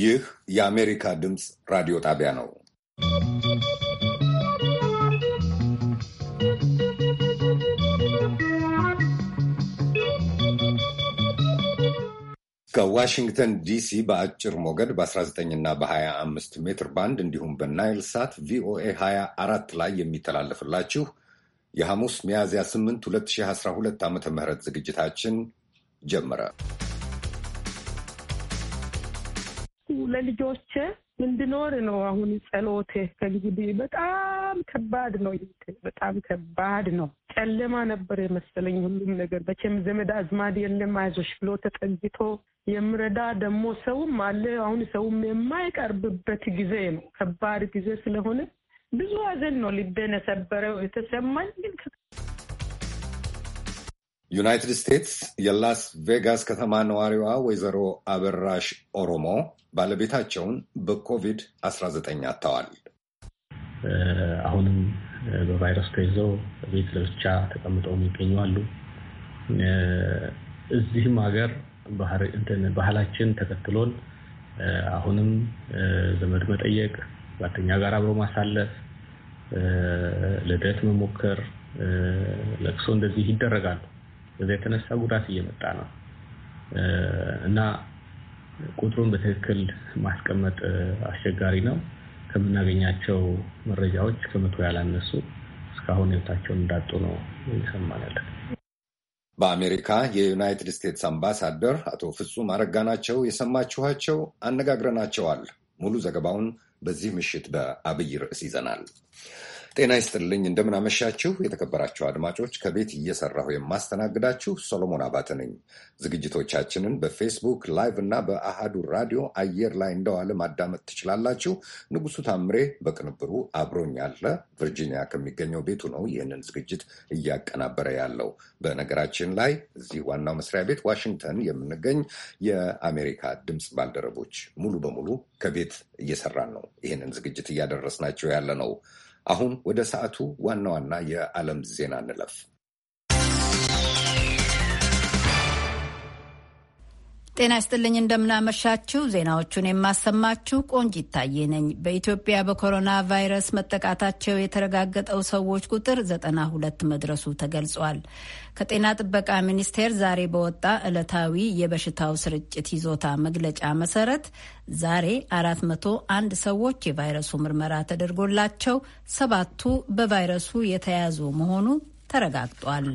ይህ የአሜሪካ ድምፅ ራዲዮ ጣቢያ ነው። ከዋሽንግተን ዲሲ በአጭር ሞገድ በ19 እና በ25 ሜትር ባንድ እንዲሁም በናይል ሳት ቪኦኤ 24 ላይ የሚተላለፍላችሁ የሐሙስ ሚያዝያ 8 2012 ዓ ም ዝግጅታችን ጀመረ። ለልጆች እንድኖር ነው አሁን ጸሎቴ። ከእንግዲህ በጣም ከባድ ነው፣ በጣም ከባድ ነው። ጨለማ ነበር የመሰለኝ ሁሉም ነገር። መቼም ዘመድ አዝማድ የለም አይዞሽ ብሎ ተጠግቶ የምረዳ ደግሞ ሰውም አለ። አሁን ሰውም የማይቀርብበት ጊዜ ነው፣ ከባድ ጊዜ ስለሆነ ብዙ ሀዘን ነው ልቤን የሰበረው የተሰማኝ ግን ዩናይትድ ስቴትስ የላስ ቬጋስ ከተማ ነዋሪዋ ወይዘሮ አበራሽ ኦሮሞ ባለቤታቸውን በኮቪድ-19 አጥተዋል። አሁንም በቫይረስ ተይዘው ቤት ለብቻ ተቀምጠው የሚገኙ አሉ። እዚህም ሀገር ባህላችን ተከትሎን አሁንም ዘመድ መጠየቅ፣ ጓደኛ ጋር አብሮ ማሳለፍ፣ ልደት መሞከር፣ ለቅሶ እንደዚህ ይደረጋሉ። በዛ የተነሳ ጉዳት እየመጣ ነው እና ቁጥሩን በትክክል ማስቀመጥ አስቸጋሪ ነው። ከምናገኛቸው መረጃዎች ከመቶ ያላነሱ እስካሁን ህይወታቸውን እንዳጡ ነው ይሰማናል። በአሜሪካ የዩናይትድ ስቴትስ አምባሳደር አቶ ፍጹም አረጋ ናቸው የሰማችኋቸው። አነጋግረናቸዋል። ሙሉ ዘገባውን በዚህ ምሽት በአብይ ርዕስ ይዘናል። ጤና ይስጥልኝ፣ እንደምናመሻችሁ የተከበራችሁ አድማጮች፣ ከቤት እየሰራሁ የማስተናግዳችሁ ሶሎሞን አባተ ነኝ። ዝግጅቶቻችንን በፌስቡክ ላይቭ እና በአሃዱ ራዲዮ አየር ላይ እንደዋለ ማዳመጥ ትችላላችሁ። ንጉሱ ታምሬ በቅንብሩ አብሮኛለ። ያለ ቨርጂኒያ ከሚገኘው ቤቱ ነው ይህንን ዝግጅት እያቀናበረ ያለው። በነገራችን ላይ እዚህ ዋናው መስሪያ ቤት ዋሽንግተን የምንገኝ የአሜሪካ ድምፅ ባልደረቦች ሙሉ በሙሉ ከቤት እየሰራን ነው። ይህንን ዝግጅት እያደረስናቸው ያለ ነው። አሁን ወደ ሰዓቱ ዋና ዋና የዓለም ዜና እንለፍ። ጤና ይስጥልኝ እንደምናመሻችው ዜናዎቹን የማሰማችው ቆንጅ ይታየ ነኝ። በኢትዮጵያ በኮሮና ቫይረስ መጠቃታቸው የተረጋገጠው ሰዎች ቁጥር ዘጠና ሁለት መድረሱ ተገልጿል። ከጤና ጥበቃ ሚኒስቴር ዛሬ በወጣ ዕለታዊ የበሽታው ስርጭት ይዞታ መግለጫ መሰረት ዛሬ አራት መቶ አንድ ሰዎች የቫይረሱ ምርመራ ተደርጎላቸው ሰባቱ በቫይረሱ የተያዙ መሆኑ ተረጋግጧል።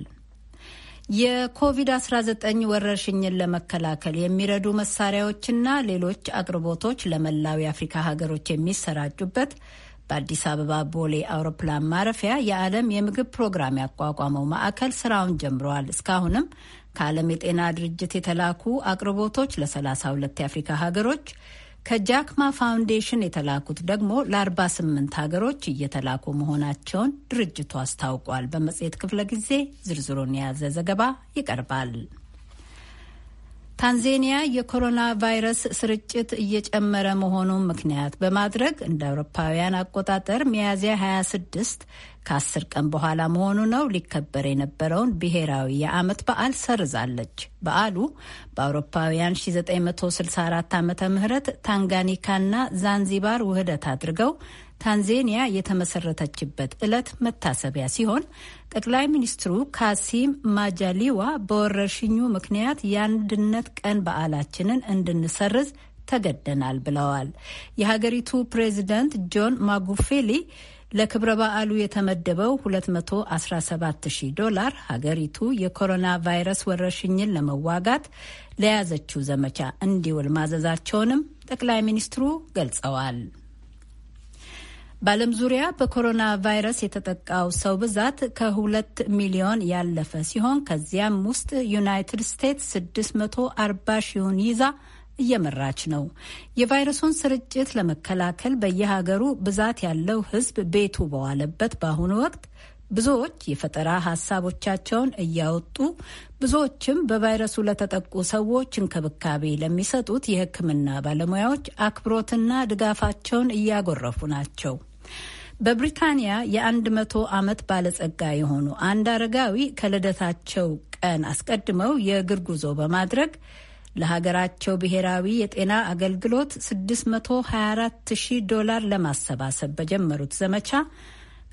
የኮቪድ-19 ወረርሽኝን ለመከላከል የሚረዱ መሳሪያዎችና ሌሎች አቅርቦቶች ለመላው የአፍሪካ ሀገሮች የሚሰራጩበት በአዲስ አበባ ቦሌ አውሮፕላን ማረፊያ የዓለም የምግብ ፕሮግራም ያቋቋመው ማዕከል ስራውን ጀምረዋል። እስካሁንም ከዓለም የጤና ድርጅት የተላኩ አቅርቦቶች ለ32 የአፍሪካ ሀገሮች ከጃክማ ፋውንዴሽን የተላኩት ደግሞ ለ48 ሀገሮች እየተላኩ መሆናቸውን ድርጅቱ አስታውቋል። በመጽሔት ክፍለ ጊዜ ዝርዝሩን የያዘ ዘገባ ይቀርባል። ታንዜኒያ የኮሮና ቫይረስ ስርጭት እየጨመረ መሆኑን ምክንያት በማድረግ እንደ አውሮፓውያን አቆጣጠር ሚያዝያ 26 ከአስር ቀን በኋላ መሆኑ ነው ሊከበር የነበረውን ብሔራዊ የዓመት በዓል ሰርዛለች። በዓሉ በአውሮፓውያን 1964 ዓ ም ታንጋኒካና ዛንዚባር ውህደት አድርገው ታንዜኒያ የተመሰረተችበት ዕለት መታሰቢያ ሲሆን ጠቅላይ ሚኒስትሩ ካሲም ማጃሊዋ በወረርሽኙ ምክንያት የአንድነት ቀን በዓላችንን እንድንሰርዝ ተገደናል ብለዋል። የሀገሪቱ ፕሬዚደንት ጆን ማጉፌሊ ለክብረ በዓሉ የተመደበው 217000 ዶላር ሀገሪቱ የኮሮና ቫይረስ ወረርሽኝን ለመዋጋት ለያዘችው ዘመቻ እንዲውል ማዘዛቸውንም ጠቅላይ ሚኒስትሩ ገልጸዋል። በዓለም ዙሪያ በኮሮና ቫይረስ የተጠቃው ሰው ብዛት ከሁለት ሚሊዮን ያለፈ ሲሆን ከዚያም ውስጥ ዩናይትድ ስቴትስ 640 ሺውን ይዛ እየመራች ነው። የቫይረሱን ስርጭት ለመከላከል በየሀገሩ ብዛት ያለው ሕዝብ ቤቱ በዋለበት በአሁኑ ወቅት ብዙዎች የፈጠራ ሀሳቦቻቸውን እያወጡ ብዙዎችም በቫይረሱ ለተጠቁ ሰዎች እንክብካቤ ለሚሰጡት የሕክምና ባለሙያዎች አክብሮትና ድጋፋቸውን እያጎረፉ ናቸው። በብሪታንያ የአንድ መቶ ዓመት ባለጸጋ የሆኑ አንድ አረጋዊ ከልደታቸው ቀን አስቀድመው የእግር ጉዞ በማድረግ ለሀገራቸው ብሔራዊ የጤና አገልግሎት 624 ዶላር ለማሰባሰብ በጀመሩት ዘመቻ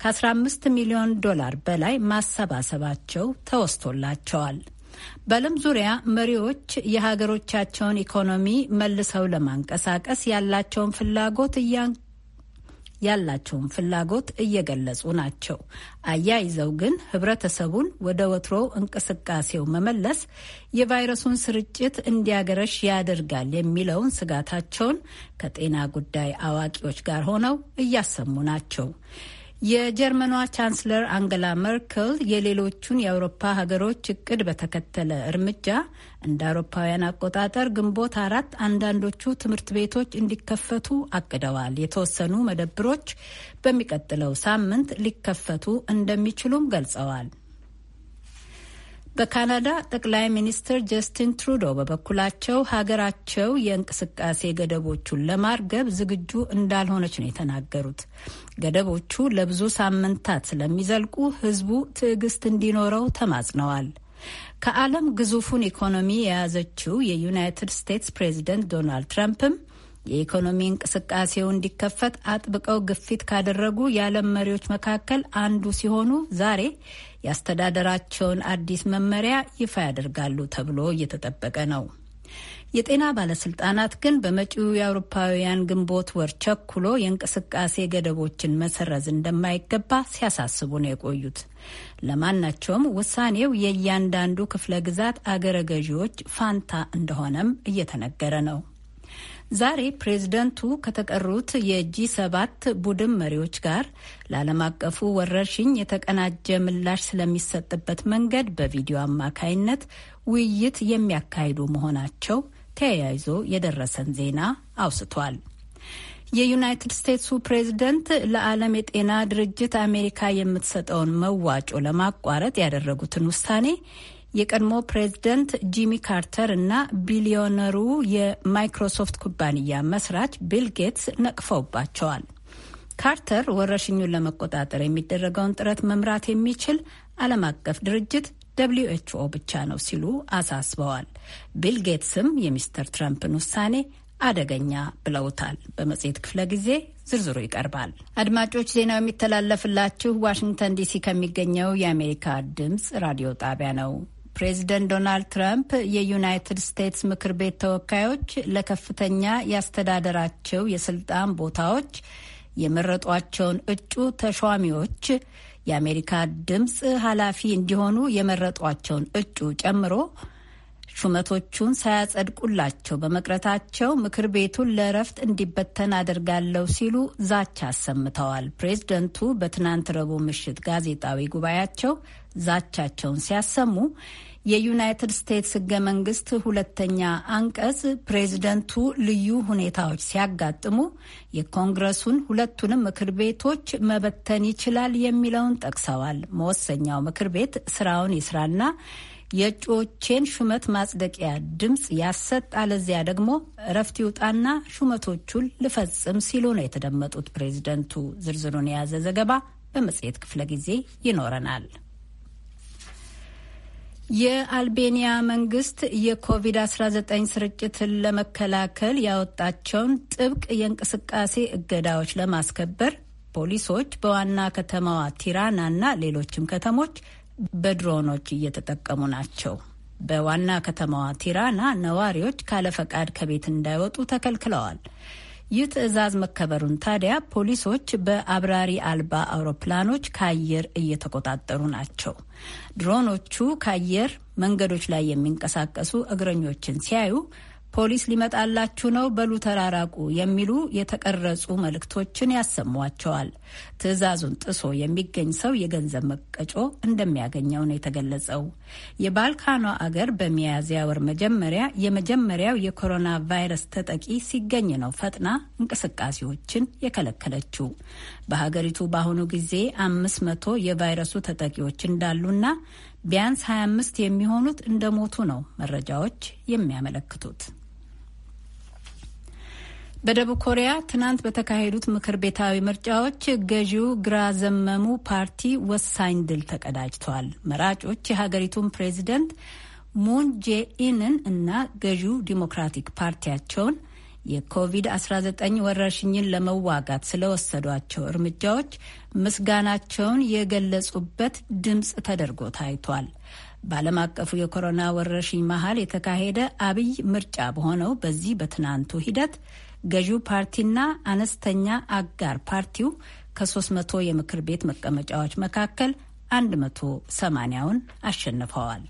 ከ15 ሚሊዮን ዶላር በላይ ማሰባሰባቸው ተወስቶላቸዋል። በዓለም ዙሪያ መሪዎች የሀገሮቻቸውን ኢኮኖሚ መልሰው ለማንቀሳቀስ ያላቸውን ፍላጎት ያላቸውን ፍላጎት እየገለጹ ናቸው። አያይዘው ግን ህብረተሰቡን ወደ ወትሮ እንቅስቃሴው መመለስ የቫይረሱን ስርጭት እንዲያገረሽ ያደርጋል የሚለውን ስጋታቸውን ከጤና ጉዳይ አዋቂዎች ጋር ሆነው እያሰሙ ናቸው። የጀርመኗ ቻንስለር አንገላ መርክል የሌሎቹን የአውሮፓ ሀገሮች እቅድ በተከተለ እርምጃ እንደ አውሮፓውያን አቆጣጠር ግንቦት አራት አንዳንዶቹ ትምህርት ቤቶች እንዲከፈቱ አቅደዋል። የተወሰኑ መደብሮች በሚቀጥለው ሳምንት ሊከፈቱ እንደሚችሉም ገልጸዋል። በካናዳ ጠቅላይ ሚኒስትር ጀስቲን ትሩዶ በበኩላቸው ሀገራቸው የእንቅስቃሴ ገደቦቹን ለማርገብ ዝግጁ እንዳልሆነች ነው የተናገሩት። ገደቦቹ ለብዙ ሳምንታት ስለሚዘልቁ ሕዝቡ ትዕግስት እንዲኖረው ተማጽነዋል። ከዓለም ግዙፉን ኢኮኖሚ የያዘችው የዩናይትድ ስቴትስ ፕሬዚደንት ዶናልድ ትራምፕም የኢኮኖሚ እንቅስቃሴው እንዲከፈት አጥብቀው ግፊት ካደረጉ የዓለም መሪዎች መካከል አንዱ ሲሆኑ ዛሬ የአስተዳደራቸውን አዲስ መመሪያ ይፋ ያደርጋሉ ተብሎ እየተጠበቀ ነው። የጤና ባለስልጣናት ግን በመጪው የአውሮፓውያን ግንቦት ወር ቸኩሎ የእንቅስቃሴ ገደቦችን መሰረዝ እንደማይገባ ሲያሳስቡ ነው የቆዩት። ለማናቸውም ውሳኔው የእያንዳንዱ ክፍለ ግዛት አገረ ገዢዎች ፋንታ እንደሆነም እየተነገረ ነው። ዛሬ ፕሬዝደንቱ ከተቀሩት የጂ ሰባት ቡድን መሪዎች ጋር ለዓለም አቀፉ ወረርሽኝ የተቀናጀ ምላሽ ስለሚሰጥበት መንገድ በቪዲዮ አማካይነት ውይይት የሚያካሂዱ መሆናቸው ተያይዞ የደረሰን ዜና አውስቷል። የዩናይትድ ስቴትሱ ፕሬዝደንት ለዓለም የጤና ድርጅት አሜሪካ የምትሰጠውን መዋጮ ለማቋረጥ ያደረጉትን ውሳኔ የቀድሞ ፕሬዝደንት ጂሚ ካርተር እና ቢሊዮነሩ የማይክሮሶፍት ኩባንያ መስራች ቢል ጌትስ ነቅፈውባቸዋል። ካርተር ወረርሽኙን ለመቆጣጠር የሚደረገውን ጥረት መምራት የሚችል ዓለም አቀፍ ድርጅት ደብሊዩ ኤችኦ ብቻ ነው ሲሉ አሳስበዋል። ቢል ጌትስም የሚስተር ትራምፕን ውሳኔ አደገኛ ብለውታል። በመጽሔት ክፍለ ጊዜ ዝርዝሩ ይቀርባል። አድማጮች፣ ዜናው የሚተላለፍላችሁ ዋሽንግተን ዲሲ ከሚገኘው የአሜሪካ ድምፅ ራዲዮ ጣቢያ ነው። ፕሬዚደንት ዶናልድ ትራምፕ የዩናይትድ ስቴትስ ምክር ቤት ተወካዮች ለከፍተኛ ያስተዳደራቸው የስልጣን ቦታዎች የመረጧቸውን እጩ ተሿሚዎች የአሜሪካ ድምፅ ኃላፊ እንዲሆኑ የመረጧቸውን እጩ ጨምሮ ሹመቶቹን ሳያጸድቁላቸው በመቅረታቸው ምክር ቤቱን ለእረፍት እንዲበተን አድርጋለሁ ሲሉ ዛቻ አሰምተዋል። ፕሬዝደንቱ በትናንት ረቡዕ ምሽት ጋዜጣዊ ጉባኤያቸው ዛቻቸውን ሲያሰሙ የዩናይትድ ስቴትስ ህገ መንግስት ሁለተኛ አንቀጽ ፕሬዚደንቱ ልዩ ሁኔታዎች ሲያጋጥሙ የኮንግረሱን ሁለቱንም ምክር ቤቶች መበተን ይችላል የሚለውን ጠቅሰዋል። መወሰኛው ምክር ቤት ስራውን ይስራና የእጩዎቼን ሹመት ማጽደቂያ ድምፅ ያሰጥ፣ አለዚያ ደግሞ እረፍት ይውጣና ሹመቶቹን ልፈጽም ሲሉ ነው የተደመጡት ፕሬዚደንቱ ዝርዝሩን የያዘ ዘገባ በመጽሔት ክፍለ ጊዜ ይኖረናል። የአልቤኒያ መንግስት የኮቪድ-19 ስርጭትን ለመከላከል ያወጣቸውን ጥብቅ የእንቅስቃሴ እገዳዎች ለማስከበር ፖሊሶች በዋና ከተማዋ ቲራና እና ሌሎችም ከተሞች በድሮኖች እየተጠቀሙ ናቸው። በዋና ከተማዋ ቲራና ነዋሪዎች ካለፈቃድ ከቤት እንዳይወጡ ተከልክለዋል። ይህ ትዕዛዝ መከበሩን ታዲያ ፖሊሶች በአብራሪ አልባ አውሮፕላኖች ከአየር እየተቆጣጠሩ ናቸው። ድሮኖቹ ከአየር መንገዶች ላይ የሚንቀሳቀሱ እግረኞችን ሲያዩ ፖሊስ ሊመጣላችሁ ነው፣ በሉ ተራራቁ የሚሉ የተቀረጹ መልእክቶችን ያሰሟቸዋል። ትዕዛዙን ጥሶ የሚገኝ ሰው የገንዘብ መቀጮ እንደሚያገኘው ነው የተገለጸው። የባልካኗ አገር በሚያዝያ ወር መጀመሪያ የመጀመሪያው የኮሮና ቫይረስ ተጠቂ ሲገኝ ነው ፈጥና እንቅስቃሴዎችን የከለከለችው። በሀገሪቱ በአሁኑ ጊዜ አምስት መቶ የቫይረሱ ተጠቂዎች እንዳሉና ቢያንስ 25 የሚሆኑት እንደሞቱ ነው መረጃዎች የሚያመለክቱት። በደቡብ ኮሪያ ትናንት በተካሄዱት ምክር ቤታዊ ምርጫዎች ገዢው ግራ ዘመሙ ፓርቲ ወሳኝ ድል ተቀዳጅተዋል። መራጮች የሀገሪቱን ፕሬዚደንት ሙን ጄኢንን እና ገዢው ዲሞክራቲክ ፓርቲያቸውን የኮቪድ-19 ወረርሽኝን ለመዋጋት ስለወሰዷቸው እርምጃዎች ምስጋናቸውን የገለጹበት ድምፅ ተደርጎ ታይቷል። በዓለም አቀፉ የኮሮና ወረርሽኝ መሀል የተካሄደ አብይ ምርጫ በሆነው በዚህ በትናንቱ ሂደት ገዢው ፓርቲና አነስተኛ አጋር ፓርቲው ከ300 የምክር ቤት መቀመጫዎች መካከል 180ውን አሸንፈዋል።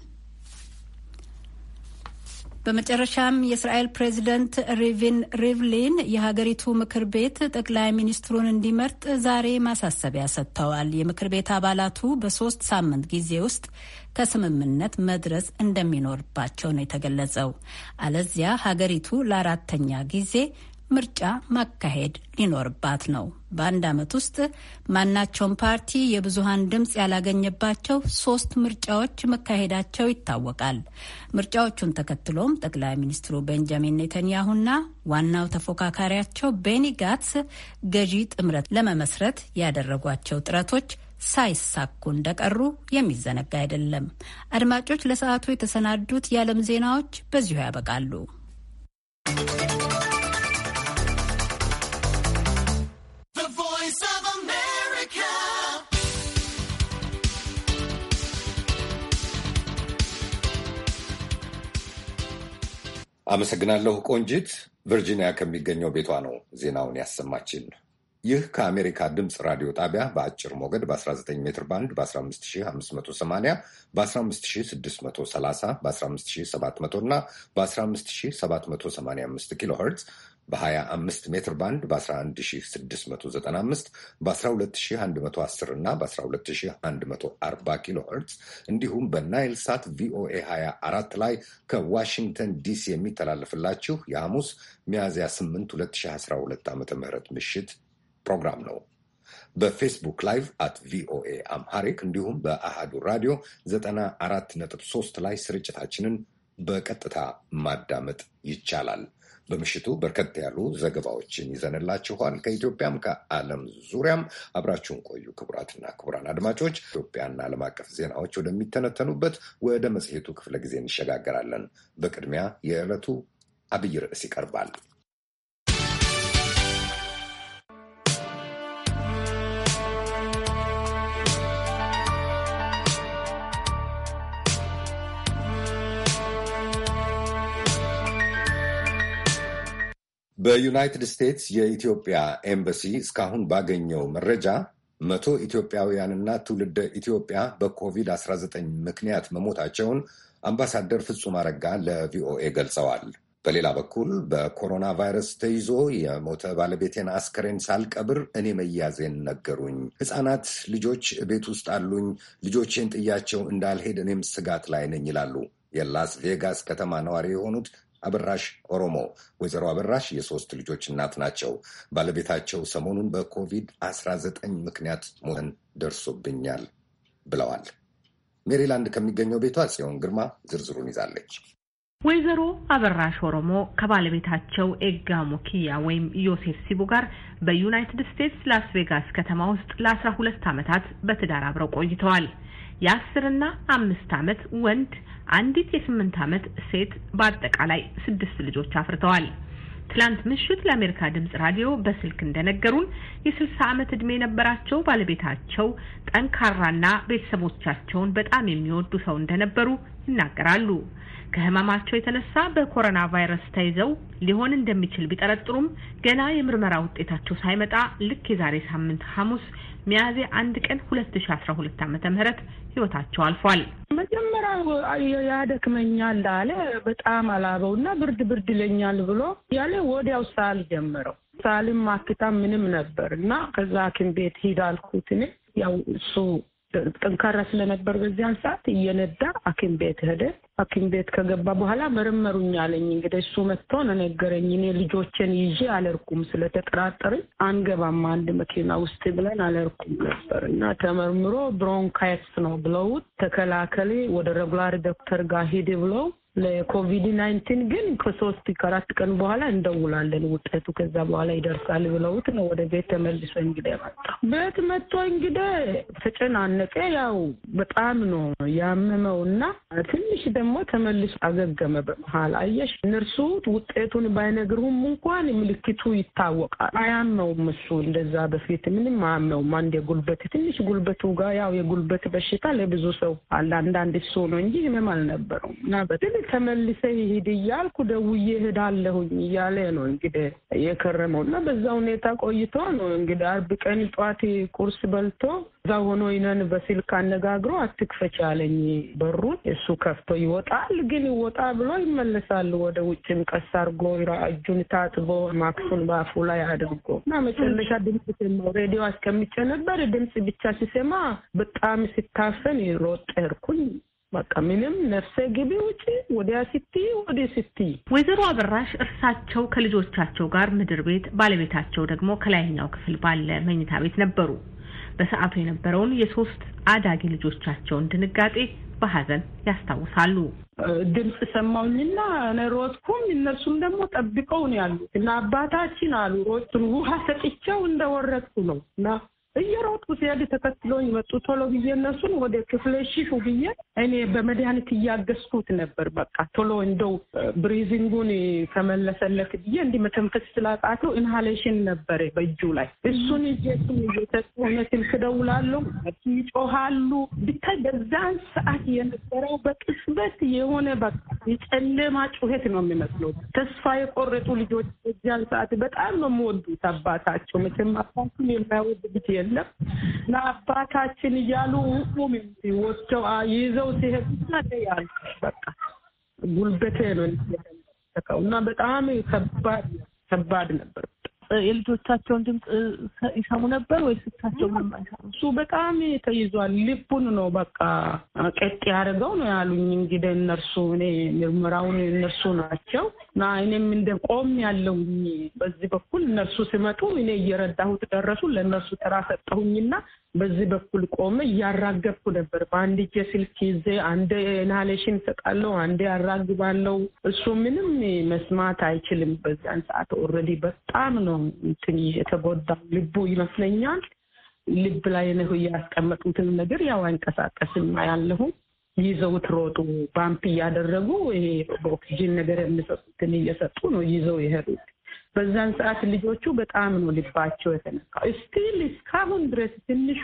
በመጨረሻም የእስራኤል ፕሬዚደንት ሪቪን ሪቭሊን የሀገሪቱ ምክር ቤት ጠቅላይ ሚኒስትሩን እንዲመርጥ ዛሬ ማሳሰቢያ ሰጥተዋል። የምክር ቤት አባላቱ በሶስት ሳምንት ጊዜ ውስጥ ከስምምነት መድረስ እንደሚኖርባቸው ነው የተገለጸው። አለዚያ ሀገሪቱ ለአራተኛ ጊዜ ምርጫ ማካሄድ ሊኖርባት ነው። በአንድ ዓመት ውስጥ ማናቸውም ፓርቲ የብዙሀን ድምፅ ያላገኘባቸው ሶስት ምርጫዎች መካሄዳቸው ይታወቃል። ምርጫዎቹን ተከትሎም ጠቅላይ ሚኒስትሩ ቤንጃሚን ኔተንያሁና ዋናው ተፎካካሪያቸው ቤኒ ጋትስ ገዢ ጥምረት ለመመስረት ያደረጓቸው ጥረቶች ሳይሳኩ እንደቀሩ የሚዘነጋ አይደለም። አድማጮች፣ ለሰዓቱ የተሰናዱት የዓለም ዜናዎች በዚሁ ያበቃሉ። አመሰግናለሁ ቆንጂት። ቨርጂኒያ ከሚገኘው ቤቷ ነው ዜናውን ያሰማችን። ይህ ከአሜሪካ ድምፅ ራዲዮ ጣቢያ በአጭር ሞገድ በ19 ሜትር ባንድ በ15580 በ15630 በ15700 እና በ15785 ኪሎ ኸርትዝ በ25 ሜትር ባንድ በ11695 በ12110 እና በ12140 ኪሎ ሄርትስ እንዲሁም በናይል ሳት ቪኦኤ 24 ላይ ከዋሽንግተን ዲሲ የሚተላለፍላችሁ የሐሙስ ሚያዝያ 8 2012 ዓ ም ምሽት ፕሮግራም ነው። በፌስቡክ ላይቭ አት ቪኦኤ አምሃሪክ እንዲሁም በአሃዱ ራዲዮ 94.3 ላይ ስርጭታችንን በቀጥታ ማዳመጥ ይቻላል። በምሽቱ በርከት ያሉ ዘገባዎችን ይዘንላችኋል። ከኢትዮጵያም ከዓለም ዙሪያም አብራችሁን ቆዩ። ክቡራትና ክቡራን አድማጮች ኢትዮጵያና ዓለም አቀፍ ዜናዎች ወደሚተነተኑበት ወደ መጽሔቱ ክፍለ ጊዜ እንሸጋገራለን። በቅድሚያ የዕለቱ አብይ ርዕስ ይቀርባል። በዩናይትድ ስቴትስ የኢትዮጵያ ኤምባሲ እስካሁን ባገኘው መረጃ መቶ ኢትዮጵያውያንና ትውልደ ኢትዮጵያ በኮቪድ-19 ምክንያት መሞታቸውን አምባሳደር ፍጹም አረጋ ለቪኦኤ ገልጸዋል። በሌላ በኩል በኮሮና ቫይረስ ተይዞ የሞተ ባለቤቴን አስከሬን ሳልቀብር እኔ መያዜን ነገሩኝ። ሕፃናት ልጆች ቤት ውስጥ አሉኝ። ልጆቼን ጥያቸው እንዳልሄድ እኔም ስጋት ላይ ነኝ ይላሉ የላስ ቬጋስ ከተማ ነዋሪ የሆኑት አበራሽ ኦሮሞ። ወይዘሮ አበራሽ የሶስት ልጆች እናት ናቸው። ባለቤታቸው ሰሞኑን በኮቪድ-19 ምክንያት ሞተን ደርሶብኛል ብለዋል። ሜሪላንድ ከሚገኘው ቤቷ ጽዮን ግርማ ዝርዝሩን ይዛለች። ወይዘሮ አበራሽ ኦሮሞ ከባለቤታቸው ኤጋ ሞኪያ ወይም ዮሴፍ ሲቡ ጋር በዩናይትድ ስቴትስ ላስ ቬጋስ ከተማ ውስጥ ለአስራ ሁለት ዓመታት በትዳር አብረው ቆይተዋል። የአስርና አምስት ዓመት ወንድ፣ አንዲት የስምንት ዓመት ሴት በአጠቃላይ ስድስት ልጆች አፍርተዋል። ትላንት ምሽት ለአሜሪካ ድምጽ ራዲዮ በስልክ እንደነገሩን የስልሳ ዓመት ዕድሜ የነበራቸው ባለቤታቸው ጠንካራና ቤተሰቦቻቸውን በጣም የሚወዱ ሰው እንደነበሩ ይናገራሉ። ከህመማቸው የተነሳ በኮሮና ቫይረስ ተይዘው ሊሆን እንደሚችል ቢጠረጥሩም ገና የምርመራ ውጤታቸው ሳይመጣ ልክ የዛሬ ሳምንት ሐሙስ ሚያዝያ አንድ ቀን 2012 ምህረት ህይወታቸው አልፏል። ስራ ያደክመኛል አለ። በጣም እና ብርድ ብርድ ይለኛል ብሎ ያለ ወዲያው ሳል ጀመረው። ሳልም ማክታ ምንም ነበር እና ከዛ ሐኪም ቤት ሂዳልኩት እኔ ያው እሱ ጠንካራ ስለነበር በዚያን ሰዓት እየነዳ ሐኪም ቤት ሄደ። ሐኪም ቤት ከገባ በኋላ መረመሩኝ አለኝ። እንግዲህ እሱ መጥቶ ነው ነገረኝ። እኔ ልጆችን ይዤ አለርኩም ስለተጠራጠርን አንገባም አንድ መኪና ውስጥ ብለን አለርኩም ነበር እና ተመርምሮ ብሮንካይትስ ነው ብለውት ተከላከሌ ወደ ሬጉላር ዶክተር ጋር ሂድ ብለው ለኮቪድ ናይንቲን ግን ከሶስት ከአራት ቀን በኋላ እንደውላለን ውጤቱ ከዛ በኋላ ይደርሳል ብለውት ነው ወደ ቤት ተመልሶ እንግዲህ መጣ። ቤት መጥቶ እንግዲህ ተጨናነቀ። ያው በጣም ነው ያመመው እና ትንሽ ደግሞ ተመልሶ አገገመ። በመሀል አየሽ እነርሱ ውጤቱን ባይነግሩም እንኳን ምልክቱ ይታወቃል። አያመውም እሱ እንደዛ በፊት ምንም አያመውም። አንድ የጉልበት ትንሽ ጉልበቱ ጋር ያው የጉልበት በሽታ ለብዙ ሰው አለ። አንዳንድ እሱ ነው እንጂ ህመም አልነበረውም እና ተመልሰ ይሄድ እያልኩ ደውዬ እሄዳለሁኝ እያለ ነው እንግዲህ የከረመው እና በዛ ሁኔታ ቆይቶ ነው እንግዲህ አርብ ቀን ጠዋት ቁርስ በልቶ እዛ ሆኖ ይነን በስልክ አነጋግሮ አትክፈች አለኝ በሩን። እሱ ከፍቶ ይወጣል፣ ግን ይወጣ ብሎ ይመለሳል ወደ ውጭም ቀስ አርጎ እጁን ታጥቦ ማክሱን በአፉ ላይ አድርጎ እና መጨረሻ ድምፅ ሰማው። ሬዲዮ አስቀምጬ ነበር ድምፅ ብቻ ሲሰማ በጣም ሲታፈን ሮጠርኩኝ በቃ ምንም ነፍሰ ግቢ ውጪ ወዲያ ስቲ ወዲ ስቲ። ወይዘሮ አበራሽ እርሳቸው ከልጆቻቸው ጋር ምድር ቤት፣ ባለቤታቸው ደግሞ ከላይኛው ክፍል ባለ መኝታ ቤት ነበሩ። በሰዓቱ የነበረውን የሶስት አዳጊ ልጆቻቸውን ድንጋጤ በሀዘን ያስታውሳሉ። ድምፅ ሰማሁኝና እኔ ሮጥኩም። እነሱም ደግሞ ጠብቀውን ያሉ እና አባታችን አሉ ሮጥ ውሃ ሰጥቼው እንደወረድኩ ነው እና እየሮጡ ሲሄድ ተከትሎኝ መጡ። ቶሎ ብዬ እነሱን ወደ ክፍለ ሺሹ ብዬ እኔ በመድኃኒት እያገዝኩት ነበር። በቃ ቶሎ እንደው ብሪዚንጉን ተመለሰለት ብዬ እንዲህ መተንፈስ ስላቃተው ኢንሃሌሽን ነበረ በእጁ ላይ እሱን እጀትን እየተሆነትን ክደውላለሁ ይጮሃሉ። ብታይ በዛን ሰዓት የነበረው በቅጽበት የሆነ በቃ የጨለማ ጩኸት ነው የሚመስለው። ተስፋ የቆረጡ ልጆች በዚያን ሰዓት በጣም ነው የምወዱት አባታቸው መቼም አባቱን የማይወድ ብት የለም እና አባታችን እያሉ ሁሉም ወስደው ይዘው ሲሄዱ ያሉ በቃ ጉልበቴ ነው እና በጣም ከባድ ከባድ ነበር። የልጆቻቸውን ድምፅ ይሰሙ ነበር ወይስ እሳቸው ምንም እሱ በጣም ተይዟል። ልቡን ነው በቃ ቀጥ ያደርገው ነው ያሉኝ። እንግዲህ እነርሱ እኔ ምርመራውን እነርሱ ናቸው እና እኔም እንደ ቆም ያለውኝ በዚህ በኩል እነርሱ ሲመጡ እኔ እየረዳሁት ደረሱ። ለእነርሱ ተራ ሰጠሁኝና በዚህ በኩል ቆመ እያራገብኩ ነበር። በአንድ እጄ ስልክ ይዜ አንድ ኢንሃሌሽን እሰጣለሁ፣ አንዴ ያራግባለው። እሱ ምንም መስማት አይችልም። በዚያን ሰዓት ኦልሬዲ በጣም ነው እንትን የተጎዳው ልቡ ይመስለኛል። ልብ ላይ ነው ያስቀመጡትን ነገር ያው አይንቀሳቀስም ያለሁ ይዘውት ሮጡ። ባምፕ እያደረጉ ይሄ በኦክሲጂን ነገር የምሰጡትን እየሰጡ ነው ይዘው የሄዱት። በዛን ሰዓት ልጆቹ በጣም ነው ልባቸው የተነካው። ስቲል እስካሁን ድረስ ትንሹ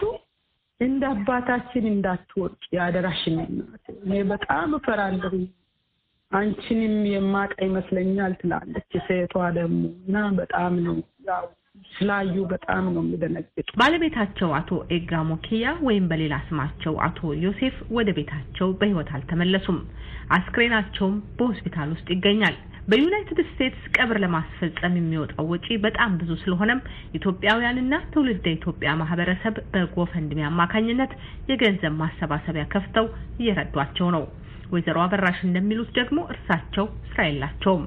እንደ አባታችን እንዳትወርቅ የአደራሽን እናት እኔ በጣም እፈራለሁ አንቺንም የማቃ ይመስለኛል ትላለች ሴቷ ደግሞ እና በጣም ነው ያው ስላዩ በጣም ነው የሚደነግጡ። ባለቤታቸው አቶ ኤጋ ሞኪያ ወይም በሌላ ስማቸው አቶ ዮሴፍ ወደ ቤታቸው በህይወት አልተመለሱም። አስክሬናቸውም በሆስፒታል ውስጥ ይገኛል። በዩናይትድ ስቴትስ ቀብር ለማስፈጸም የሚወጣው ወጪ በጣም ብዙ ስለሆነም ኢትዮጵያውያንና ትውልደ ኢትዮጵያ ማህበረሰብ በጎፈንድሜ አማካኝነት የገንዘብ ማሰባሰቢያ ከፍተው እየረዷቸው ነው። ወይዘሮ አበራሽ እንደሚሉት ደግሞ እርሳቸው ስራ የላቸውም።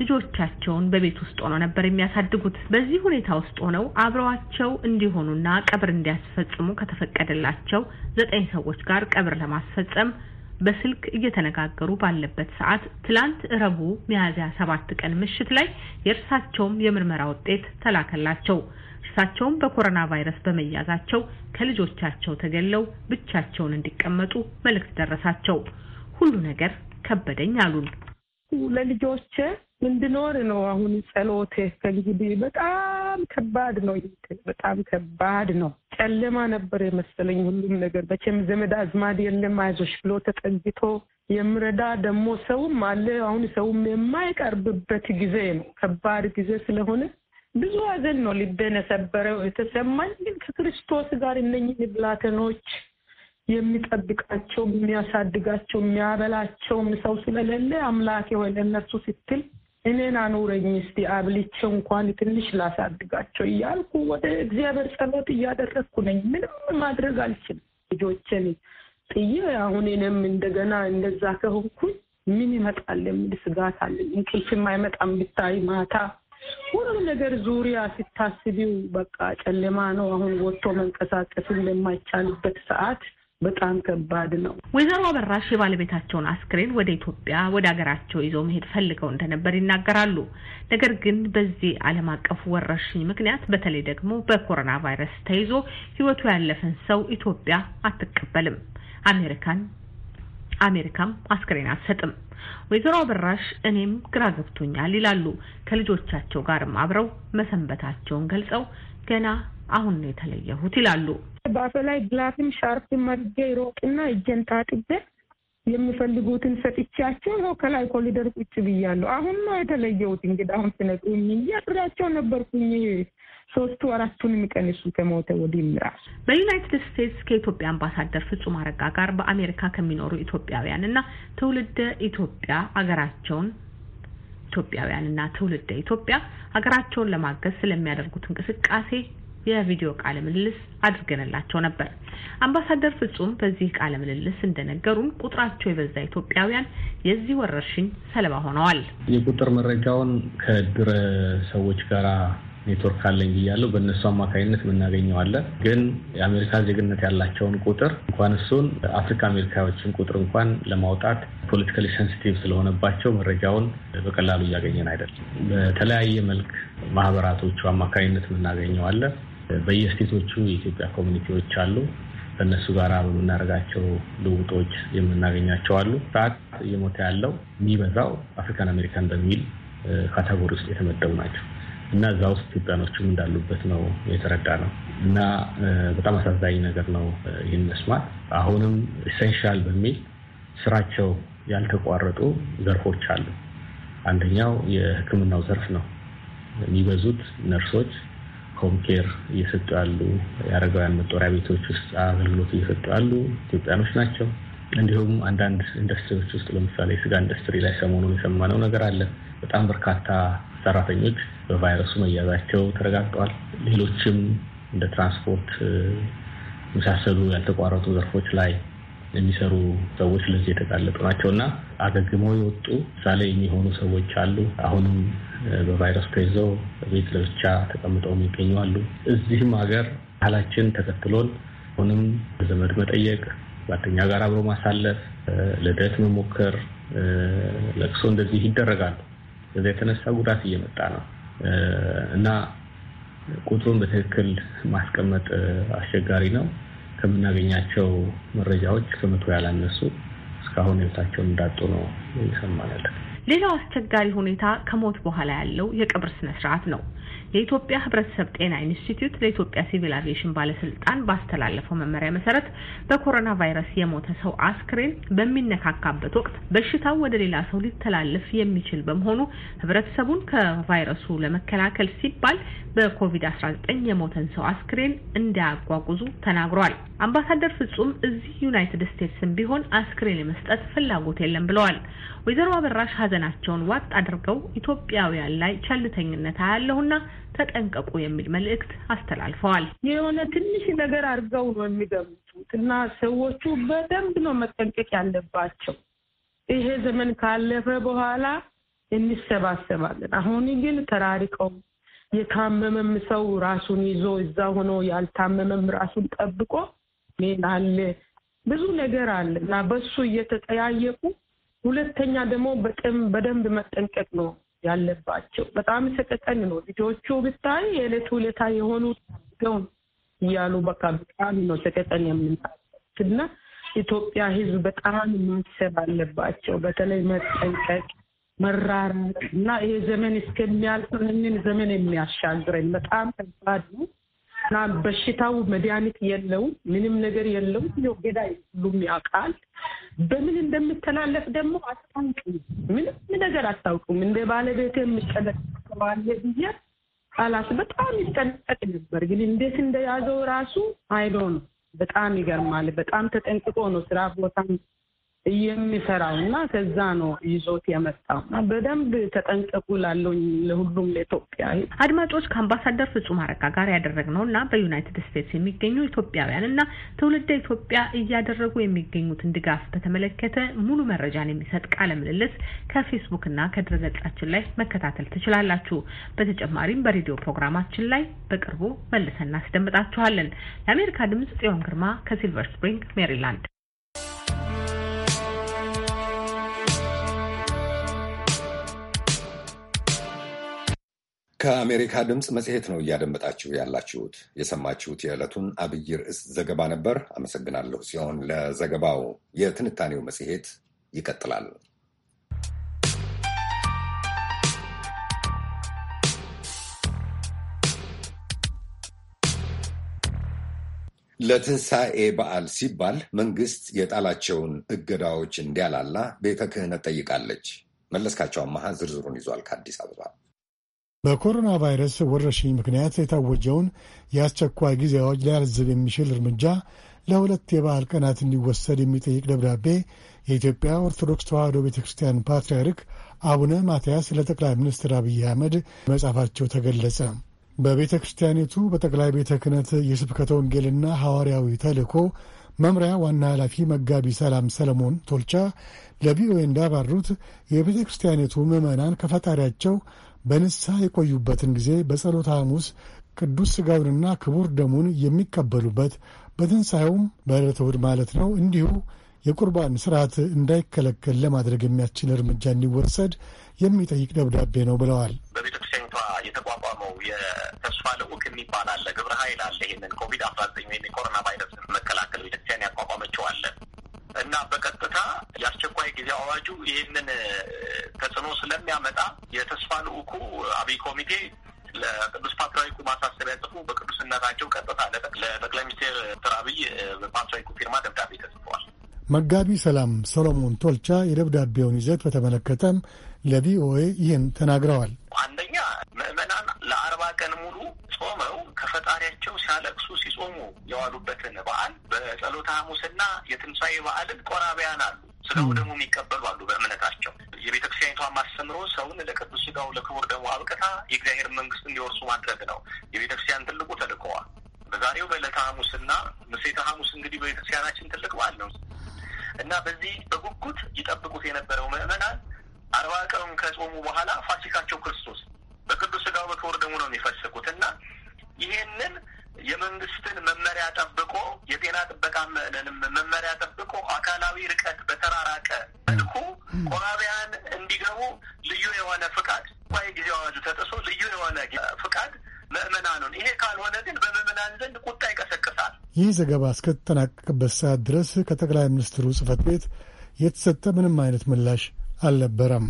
ልጆቻቸውን በቤት ውስጥ ሆነው ነበር የሚያሳድጉት። በዚህ ሁኔታ ውስጥ ሆነው አብረዋቸው እንዲሆኑና ቀብር እንዲያስፈጽሙ ከተፈቀደላቸው ዘጠኝ ሰዎች ጋር ቀብር ለማስፈጸም በስልክ እየተነጋገሩ ባለበት ሰዓት ትላንት እረቡ ሚያዝያ ሰባት ቀን ምሽት ላይ የእርሳቸውም የምርመራ ውጤት ተላከላቸው። እርሳቸውም በኮሮና ቫይረስ በመያዛቸው ከልጆቻቸው ተገለው ብቻቸውን እንዲቀመጡ መልእክት ደረሳቸው። ሁሉ ነገር ከበደኝ አሉን። ለልጆች እንድኖር ነው አሁን ጸሎቴ። ከእንግዲህ በጣም ከባድ ነው፣ በጣም ከባድ ነው። ጨለማ ነበር የመሰለኝ ሁሉም ነገር። መቼም ዘመድ አዝማድ የለም አይዞሽ ብሎ ተጠግቶ የምረዳ ደግሞ ሰውም አለ። አሁን ሰውም የማይቀርብበት ጊዜ ነው፣ ከባድ ጊዜ ስለሆነ ብዙ ሀዘን ነው ልቤን የሰበረው የተሰማኝ። ግን ከክርስቶስ ጋር እነኝህ ብላተኖች የሚጠብቃቸው የሚያሳድጋቸው የሚያበላቸውም ሰው ስለሌለ አምላክ የሆነ እነሱ ስትል እኔን አኑረኝ እስቲ አብልቼ እንኳን ትንሽ ላሳድጋቸው እያልኩ ወደ እግዚአብሔር ጸሎት እያደረግኩ ነኝ። ምንም ማድረግ አልችልም። ልጆችን ጥዬ አሁን እኔም እንደገና እንደዛ ከሆንኩኝ ምን ይመጣል የሚል ስጋት አለ። እንቅልፍም አይመጣም። ብታይ ማታ ሁሉ ነገር ዙሪያ ሲታስቢው በቃ ጨለማ ነው። አሁን ወጥቶ መንቀሳቀስ እንደማይቻልበት ሰዓት በጣም ከባድ ነው። ወይዘሮ አበራሽ የባለቤታቸውን አስክሬን ወደ ኢትዮጵያ ወደ ሀገራቸው ይዘው መሄድ ፈልገው እንደነበር ይናገራሉ። ነገር ግን በዚህ ዓለም አቀፍ ወረርሽኝ ምክንያት በተለይ ደግሞ በኮሮና ቫይረስ ተይዞ ሕይወቱ ያለፈን ሰው ኢትዮጵያ አትቀበልም፣ አሜሪካን አሜሪካም አስክሬን አትሰጥም። ወይዘሮ አበራሽ እኔም ግራ ገብቶኛል ይላሉ። ከልጆቻቸው ጋርም አብረው መሰንበታቸውን ገልጸው ገና አሁን ነው የተለየሁት ይላሉ። በአፈ ላይ ግላፍም ሻርፕ መርጌ ሮቅና እጄን ታጥቤ የሚፈልጉትን ሰጥቻቸው ነው ከላይ ኮሊደር ቁጭ ብያለሁ። አሁን ነው የተለየሁት። እንግዲህ አሁን ስነቁኝ እያድራቸው ነበርኩኝ ሶስቱ አራቱን የሚቀንሱ ከሞተ ወዲህ ምራል በዩናይትድ ስቴትስ ከኢትዮጵያ አምባሳደር ፍጹም አረጋ ጋር በአሜሪካ ከሚኖሩ ኢትዮጵያውያን እና ትውልደ ኢትዮጵያ አገራቸውን ኢትዮጵያውያን እና ትውልደ ኢትዮጵያ ሀገራቸውን ለማገዝ ስለሚያደርጉት እንቅስቃሴ የቪዲዮ ቃለ ምልልስ አድርገንላቸው ነበር። አምባሳደር ፍጹም በዚህ ቃለ ምልልስ እንደነገሩን ቁጥራቸው የበዛ ኢትዮጵያውያን የዚህ ወረርሽኝ ሰለባ ሆነዋል። የቁጥር መረጃውን ከድረ ሰዎች ጋር ኔትወርክ አለኝ ብያለሁ። በእነሱ አማካኝነት አለ። ግን የአሜሪካ ዜግነት ያላቸውን ቁጥር እንኳን እሱን አፍሪካ አሜሪካዎችን ቁጥር እንኳን ለማውጣት ፖለቲካሊ ሴንስቲቭ ስለሆነባቸው መረጃውን በቀላሉ እያገኘን አይደለም። በተለያየ መልክ ማህበራቶቹ አማካኝነት አለ። በየስቴቶቹ የኢትዮጵያ ኮሚኒቲዎች አሉ። በእነሱ ጋር የምናደርጋቸው ልውጦች የምናገኛቸው አሉ። እየሞተ ያለው የሚበዛው አፍሪካን አሜሪካን በሚል ካታጎሪ ውስጥ የተመደቡ ናቸው እና እዛ ውስጥ ኢትዮጵያኖቹም እንዳሉበት ነው የተረዳ ነው። እና በጣም አሳዛኝ ነገር ነው ይህን መስማት። አሁንም ኢሴንሻል በሚል ስራቸው ያልተቋረጡ ዘርፎች አሉ። አንደኛው የሕክምናው ዘርፍ ነው። የሚበዙት ነርሶች ሆምኬር እየሰጡ ያሉ የአረጋውያን መጦሪያ ቤቶች ውስጥ አገልግሎት እየሰጡ ያሉ ኢትዮጵያኖች ናቸው። እንዲሁም አንዳንድ ኢንዱስትሪዎች ውስጥ ለምሳሌ የስጋ ኢንዱስትሪ ላይ ሰሞኑን የሰማነው ነገር አለ። በጣም በርካታ ሰራተኞች በቫይረሱ መያዛቸው ተረጋግጠዋል። ሌሎችም እንደ ትራንስፖርት የመሳሰሉ ያልተቋረጡ ዘርፎች ላይ የሚሰሩ ሰዎች ለዚህ የተጋለጡ ናቸው እና አገግመው የወጡ ሳሌ የሚሆኑ ሰዎች አሉ። አሁንም በቫይረስ ተይዘው ቤት ለብቻ ተቀምጠው የሚገኙ አሉ። እዚህም ሀገር ባህላችን ተከትሎን አሁንም ዘመድ መጠየቅ፣ ጓደኛ ጋር አብሮ ማሳለፍ፣ ልደት መሞከር፣ ለቅሶ እንደዚህ ይደረጋሉ። ከዚ የተነሳ ጉዳት እየመጣ ነው እና ቁጥሩን በትክክል ማስቀመጥ አስቸጋሪ ነው። ከምናገኛቸው መረጃዎች ከመቶ ያላነሱ እስካሁን ህይወታቸውን እንዳጡ ነው ይሰማል። ሌላው አስቸጋሪ ሁኔታ ከሞት በኋላ ያለው የቅብር ስነ ስርዓት ነው። የኢትዮጵያ ህብረተሰብ ጤና ኢንስቲትዩት ለኢትዮጵያ ሲቪል አቪዬሽን ባለስልጣን ባስተላለፈው መመሪያ መሰረት በኮሮና ቫይረስ የሞተ ሰው አስክሬን በሚነካካበት ወቅት በሽታው ወደ ሌላ ሰው ሊተላለፍ የሚችል በመሆኑ ህብረተሰቡን ከቫይረሱ ለመከላከል ሲባል በኮቪድ-19 የሞተን ሰው አስክሬን እንዳያጓጉዙ ተናግሯል። አምባሳደር ፍጹም እዚህ ዩናይትድ ስቴትስም ቢሆን አስክሬን የመስጠት ፍላጎት የለም ብለዋል። ወይዘሮ አበራሽ ሀዘናቸውን ዋጥ አድርገው ኢትዮጵያውያን ላይ ቸልተኝነት አያለሁና ተጠንቀቁ የሚል መልእክት አስተላልፈዋል። የሆነ ትንሽ ነገር አድርገው ነው የሚገምቱት እና ሰዎቹ በደንብ ነው መጠንቀቅ ያለባቸው። ይሄ ዘመን ካለፈ በኋላ እንሰባሰባለን። አሁን ግን ተራሪቀው የታመመም ሰው ራሱን ይዞ እዛ ሆኖ ያልታመመም ራሱን ጠብቆ ሜል አለ፣ ብዙ ነገር አለ እና በሱ እየተጠያየቁ ሁለተኛ ደግሞ በጥም በደንብ መጠንቀቅ ነው ያለባቸው። በጣም ሰቀቀን ነው ልጆቹ ብታይ የዕለት ሁለታ የሆኑ ገውን እያሉ በቃ በጣም ነው ሰቀቀን የምናት እና ኢትዮጵያ ሕዝብ በጣም ማሰብ አለባቸው። በተለይ መጠንቀቅ መራራቅ እና ይሄ ዘመን እስከሚያልፍ ይህንን ዘመን የሚያሻግረን በጣም ከባድ ነው እና በሽታው መድኃኒት የለው ምንም ነገር የለው ው ገዳይ ሁሉም ያውቃል። በምን እንደምተላለፍ ደግሞ አታውቅም፣ ምንም ነገር አታውቅም። እንደ ባለቤት የምጠለቀዋለ ብዬ አላስ በጣም ይጠነቀቅ ነበር፣ ግን እንዴት እንደያዘው ራሱ አይዶ ነው። በጣም ይገርማል። በጣም ተጠንቅቆ ነው ስራ ቦታ የሚሰራው እና ከዛ ነው ይዞት የመጣው እና በደንብ ተጠንቀቁ ላለው ለሁሉም ለኢትዮጵያ አድማጮች ከአምባሳደር ፍጹም አረጋ ጋር ያደረግነው እና በዩናይትድ ስቴትስ የሚገኙ ኢትዮጵያውያን እና ትውልደ ኢትዮጵያ እያደረጉ የሚገኙትን ድጋፍ በተመለከተ ሙሉ መረጃን የሚሰጥ ቃለ ምልልስ ከፌስቡክ እና ከድረገጻችን ላይ መከታተል ትችላላችሁ። በተጨማሪም በሬዲዮ ፕሮግራማችን ላይ በቅርቡ መልሰን እናስደምጣችኋለን። ለአሜሪካ ድምጽ ጽዮን ግርማ ከሲልቨር ስፕሪንግ ሜሪላንድ ከአሜሪካ ድምፅ መጽሔት ነው እያደመጣችሁ ያላችሁት። የሰማችሁት የዕለቱን አብይ ርዕስ ዘገባ ነበር። አመሰግናለሁ ሲሆን ለዘገባው። የትንታኔው መጽሔት ይቀጥላል። ለትንሣኤ በዓል ሲባል መንግስት የጣላቸውን እገዳዎች እንዲያላላ ቤተ ክህነት ጠይቃለች። መለስካቸው አማሃ ዝርዝሩን ይዟል ከአዲስ አበባ በኮሮና ቫይረስ ወረርሽኝ ምክንያት የታወጀውን የአስቸኳይ ጊዜ አዋጅ ሊያራዝም የሚችል እርምጃ ለሁለት የበዓል ቀናት እንዲወሰድ የሚጠይቅ ደብዳቤ የኢትዮጵያ ኦርቶዶክስ ተዋሕዶ ቤተ ክርስቲያን ፓትርያርክ አቡነ ማትያስ ለጠቅላይ ሚኒስትር አብይ አህመድ መጻፋቸው ተገለጸ። በቤተ ክርስቲያኒቱ በጠቅላይ ቤተ ክህነት የስብከተ ወንጌልና ሐዋርያዊ ተልእኮ መምሪያ ዋና ኃላፊ መጋቢ ሰላም ሰለሞን ቶልቻ ለቪኦኤ እንዳባሩት የቤተ ክርስቲያኒቱ ምዕመናን ከፈጣሪያቸው በንስሐ የቆዩበትን ጊዜ በጸሎተ ሐሙስ ቅዱስ ሥጋውንና ክቡር ደሙን የሚቀበሉበት በትንሣኤውም በዕለተ እሑድ ማለት ነው። እንዲሁ የቁርባን ስርዓት እንዳይከለከል ለማድረግ የሚያስችል እርምጃ እንዲወሰድ የሚጠይቅ ደብዳቤ ነው ብለዋል። በቤተክርስቲያኒቷ የተቋቋመው የተስፋ ልዑክ የሚባል አለ፣ ግብረ ኃይል አለ። ይህንን ኮቪድ አስራ ዘጠኝ ወይም የኮሮና ቫይረስ መከላከል ቤተክርስቲያን ያቋቋመ ጊዜ አዋጁ ይህንን ተጽዕኖ ስለሚያመጣ የተስፋ ልዑኩ አብይ ኮሚቴ ለቅዱስ ፓትርያርኩ ማሳሰቢያ ጽፎ በቅዱስነታቸው ቀጥታ ለጠቅላይ ሚኒስትር ዶክተር አብይ በፓትርያርኩ ፊርማ ደብዳቤ ተጽፈዋል። መጋቢ ሰላም ሰሎሞን ቶልቻ የደብዳቤውን ይዘት በተመለከተም ለቪኦኤ ይህን ተናግረዋል። አንደኛ ምዕመናን ለአርባ ቀን ሙሉ ጾመው ከፈጣሪያቸው ሲያለቅሱ ሲጾሙ የዋሉበትን በዓል በጸሎተ ሐሙስና የትንሣኤ በዓልን ቆራቢያን አሉ ስራው ደግሞ የሚቀበሉ አሉ። በእምነታቸው የቤተክርስቲያኒቷ ማስተምሮ ሰውን ለቅዱስ ስጋው ለክቡር ደግሞ አብቅታ የእግዚአብሔር መንግስት እንዲወርሱ ማድረግ ነው የቤተክርስቲያን ትልቁ ተልእኮዋ። በዛሬው በዕለተ ሐሙስና ምሴተ ሐሙስ እንግዲህ በቤተክርስቲያናችን ትልቅ በዓል ነው እና በዚህ በጉጉት ይጠብቁት የነበረው ምዕመናን አርባ ቀን ከጾሙ በኋላ ፋሲካቸው ክርስቶስ በቅዱስ ስጋው በክቡር ደግሞ ነው የሚፈስኩት እና ይሄንን የመንግስትን መመሪያ ጠብቆ የጤና ጥበቃ መመሪያ ጠብቆ አካላዊ ርቀት በተራራቀ መልኩ ቆራቢያን እንዲገቡ ልዩ የሆነ ፍቃድ ይ ጊዜ አዋጁ ተጥሶ ልዩ የሆነ ፍቃድ ምእመናኑን ይሄ ካልሆነ ግን በምእመናን ዘንድ ቁጣ ይቀሰቅሳል። ይህ ዘገባ እስከተጠናቀቅበት ሰዓት ድረስ ከጠቅላይ ሚኒስትሩ ጽህፈት ቤት የተሰጠ ምንም አይነት ምላሽ አልነበረም።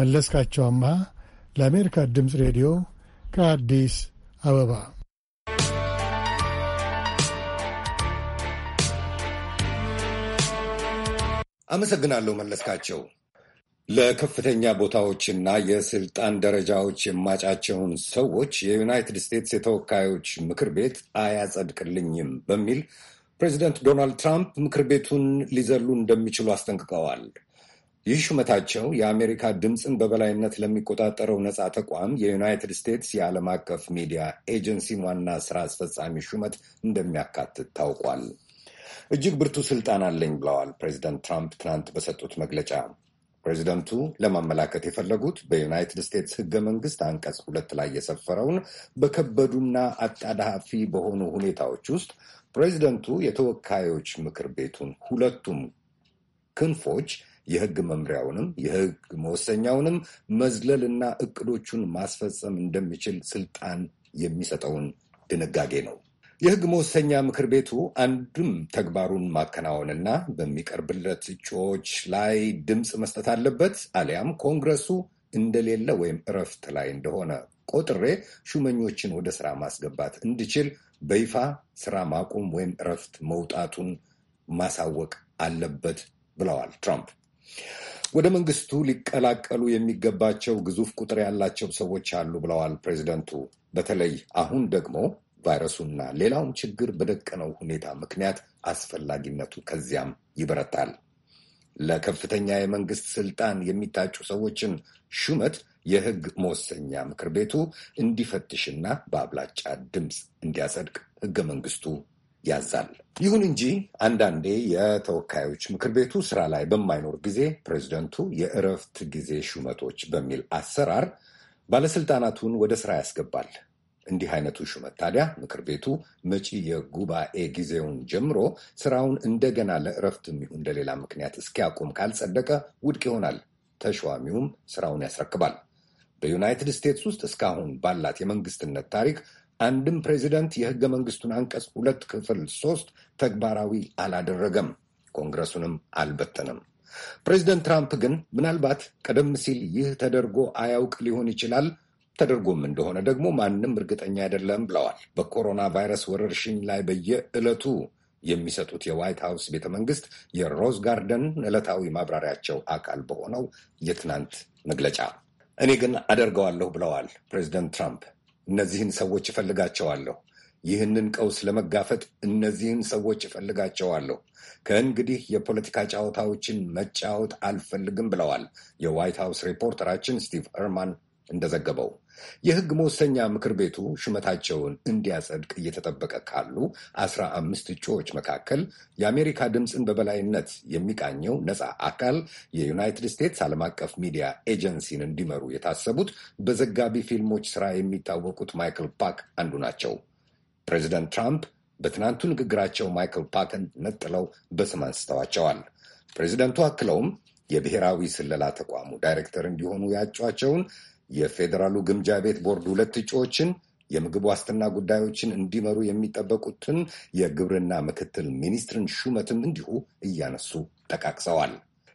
መለስካቸው አምሃ ለአሜሪካ ድምፅ ሬዲዮ ከአዲስ አበባ አመሰግናለሁ መለስካቸው። ለከፍተኛ ቦታዎችና የስልጣን ደረጃዎች የማጫቸውን ሰዎች የዩናይትድ ስቴትስ የተወካዮች ምክር ቤት አያጸድቅልኝም በሚል ፕሬዚደንት ዶናልድ ትራምፕ ምክር ቤቱን ሊዘሉ እንደሚችሉ አስጠንቅቀዋል። ይህ ሹመታቸው የአሜሪካ ድምፅን በበላይነት ለሚቆጣጠረው ነፃ ተቋም የዩናይትድ ስቴትስ የዓለም አቀፍ ሚዲያ ኤጀንሲን ዋና ስራ አስፈጻሚ ሹመት እንደሚያካትት ታውቋል። እጅግ ብርቱ ስልጣን አለኝ ብለዋል ፕሬዚደንት ትራምፕ ትናንት በሰጡት መግለጫ። ፕሬዚደንቱ ለማመላከት የፈለጉት በዩናይትድ ስቴትስ ሕገ መንግስት አንቀጽ ሁለት ላይ የሰፈረውን በከበዱና አጣዳፊ በሆኑ ሁኔታዎች ውስጥ ፕሬዚደንቱ የተወካዮች ምክር ቤቱን ሁለቱም ክንፎች የህግ መምሪያውንም የህግ መወሰኛውንም መዝለልና እቅዶቹን ማስፈጸም እንደሚችል ስልጣን የሚሰጠውን ድንጋጌ ነው። የህግ መወሰኛ ምክር ቤቱ አንድም ተግባሩን ማከናወንና በሚቀርብለት እጩዎች ላይ ድምፅ መስጠት አለበት፣ አሊያም ኮንግረሱ እንደሌለ ወይም እረፍት ላይ እንደሆነ ቆጥሬ ሹመኞችን ወደ ስራ ማስገባት እንድችል በይፋ ስራ ማቆም ወይም እረፍት መውጣቱን ማሳወቅ አለበት ብለዋል ትራምፕ። ወደ መንግስቱ ሊቀላቀሉ የሚገባቸው ግዙፍ ቁጥር ያላቸው ሰዎች አሉ ብለዋል ፕሬዚደንቱ። በተለይ አሁን ደግሞ ቫይረሱና ሌላውም ችግር በደቀነው ሁኔታ ምክንያት አስፈላጊነቱ ከዚያም ይበረታል። ለከፍተኛ የመንግስት ስልጣን የሚታጩ ሰዎችን ሹመት የህግ መወሰኛ ምክር ቤቱ እንዲፈትሽና በአብላጫ ድምፅ እንዲያጸድቅ ህገ መንግስቱ ያዛል። ይሁን እንጂ አንዳንዴ የተወካዮች ምክር ቤቱ ስራ ላይ በማይኖር ጊዜ ፕሬዚደንቱ የእረፍት ጊዜ ሹመቶች በሚል አሰራር ባለስልጣናቱን ወደ ስራ ያስገባል። እንዲህ አይነቱ ሹመት ታዲያ ምክር ቤቱ መጪ የጉባኤ ጊዜውን ጀምሮ ስራውን እንደገና ለእረፍትም የሚሆን እንደሌላ ምክንያት እስኪያቆም ካልጸደቀ ውድቅ ይሆናል። ተሿሚውም ስራውን ያስረክባል። በዩናይትድ ስቴትስ ውስጥ እስካሁን ባላት የመንግስትነት ታሪክ አንድም ፕሬዚደንት የህገ መንግስቱን አንቀጽ ሁለት ክፍል ሶስት ተግባራዊ አላደረገም፣ ኮንግረሱንም አልበተንም። ፕሬዚደንት ትራምፕ ግን ምናልባት ቀደም ሲል ይህ ተደርጎ አያውቅ ሊሆን ይችላል ተደርጎም እንደሆነ ደግሞ ማንም እርግጠኛ አይደለም ብለዋል። በኮሮና ቫይረስ ወረርሽኝ ላይ በየዕለቱ የሚሰጡት የዋይት ሀውስ ቤተ መንግስት የሮዝ ጋርደን ዕለታዊ ማብራሪያቸው አካል በሆነው የትናንት መግለጫ እኔ ግን አደርገዋለሁ ብለዋል ፕሬዚደንት ትራምፕ። እነዚህን ሰዎች እፈልጋቸዋለሁ። ይህንን ቀውስ ለመጋፈጥ እነዚህን ሰዎች እፈልጋቸዋለሁ። ከእንግዲህ የፖለቲካ ጨዋታዎችን መጫወት አልፈልግም ብለዋል የዋይት ሀውስ ሪፖርተራችን ስቲቭ ሄርማን እንደዘገበው የህግ መወሰኛ ምክር ቤቱ ሹመታቸውን እንዲያጸድቅ እየተጠበቀ ካሉ አስራ አምስት እጩዎች መካከል የአሜሪካ ድምፅን በበላይነት የሚቃኘው ነፃ አካል የዩናይትድ ስቴትስ ዓለም አቀፍ ሚዲያ ኤጀንሲን እንዲመሩ የታሰቡት በዘጋቢ ፊልሞች ስራ የሚታወቁት ማይክል ፓክ አንዱ ናቸው። ፕሬዚደንት ትራምፕ በትናንቱ ንግግራቸው ማይክል ፓክን ነጥለው በስም አንስተዋቸዋል። ፕሬዚደንቱ አክለውም የብሔራዊ ስለላ ተቋሙ ዳይሬክተር እንዲሆኑ ያጯቸውን የፌዴራሉ ግምጃ ቤት ቦርድ ሁለት እጩዎችን የምግብ ዋስትና ጉዳዮችን እንዲመሩ የሚጠበቁትን የግብርና ምክትል ሚኒስትርን ሹመትም እንዲሁ እያነሱ ጠቃቅሰዋል።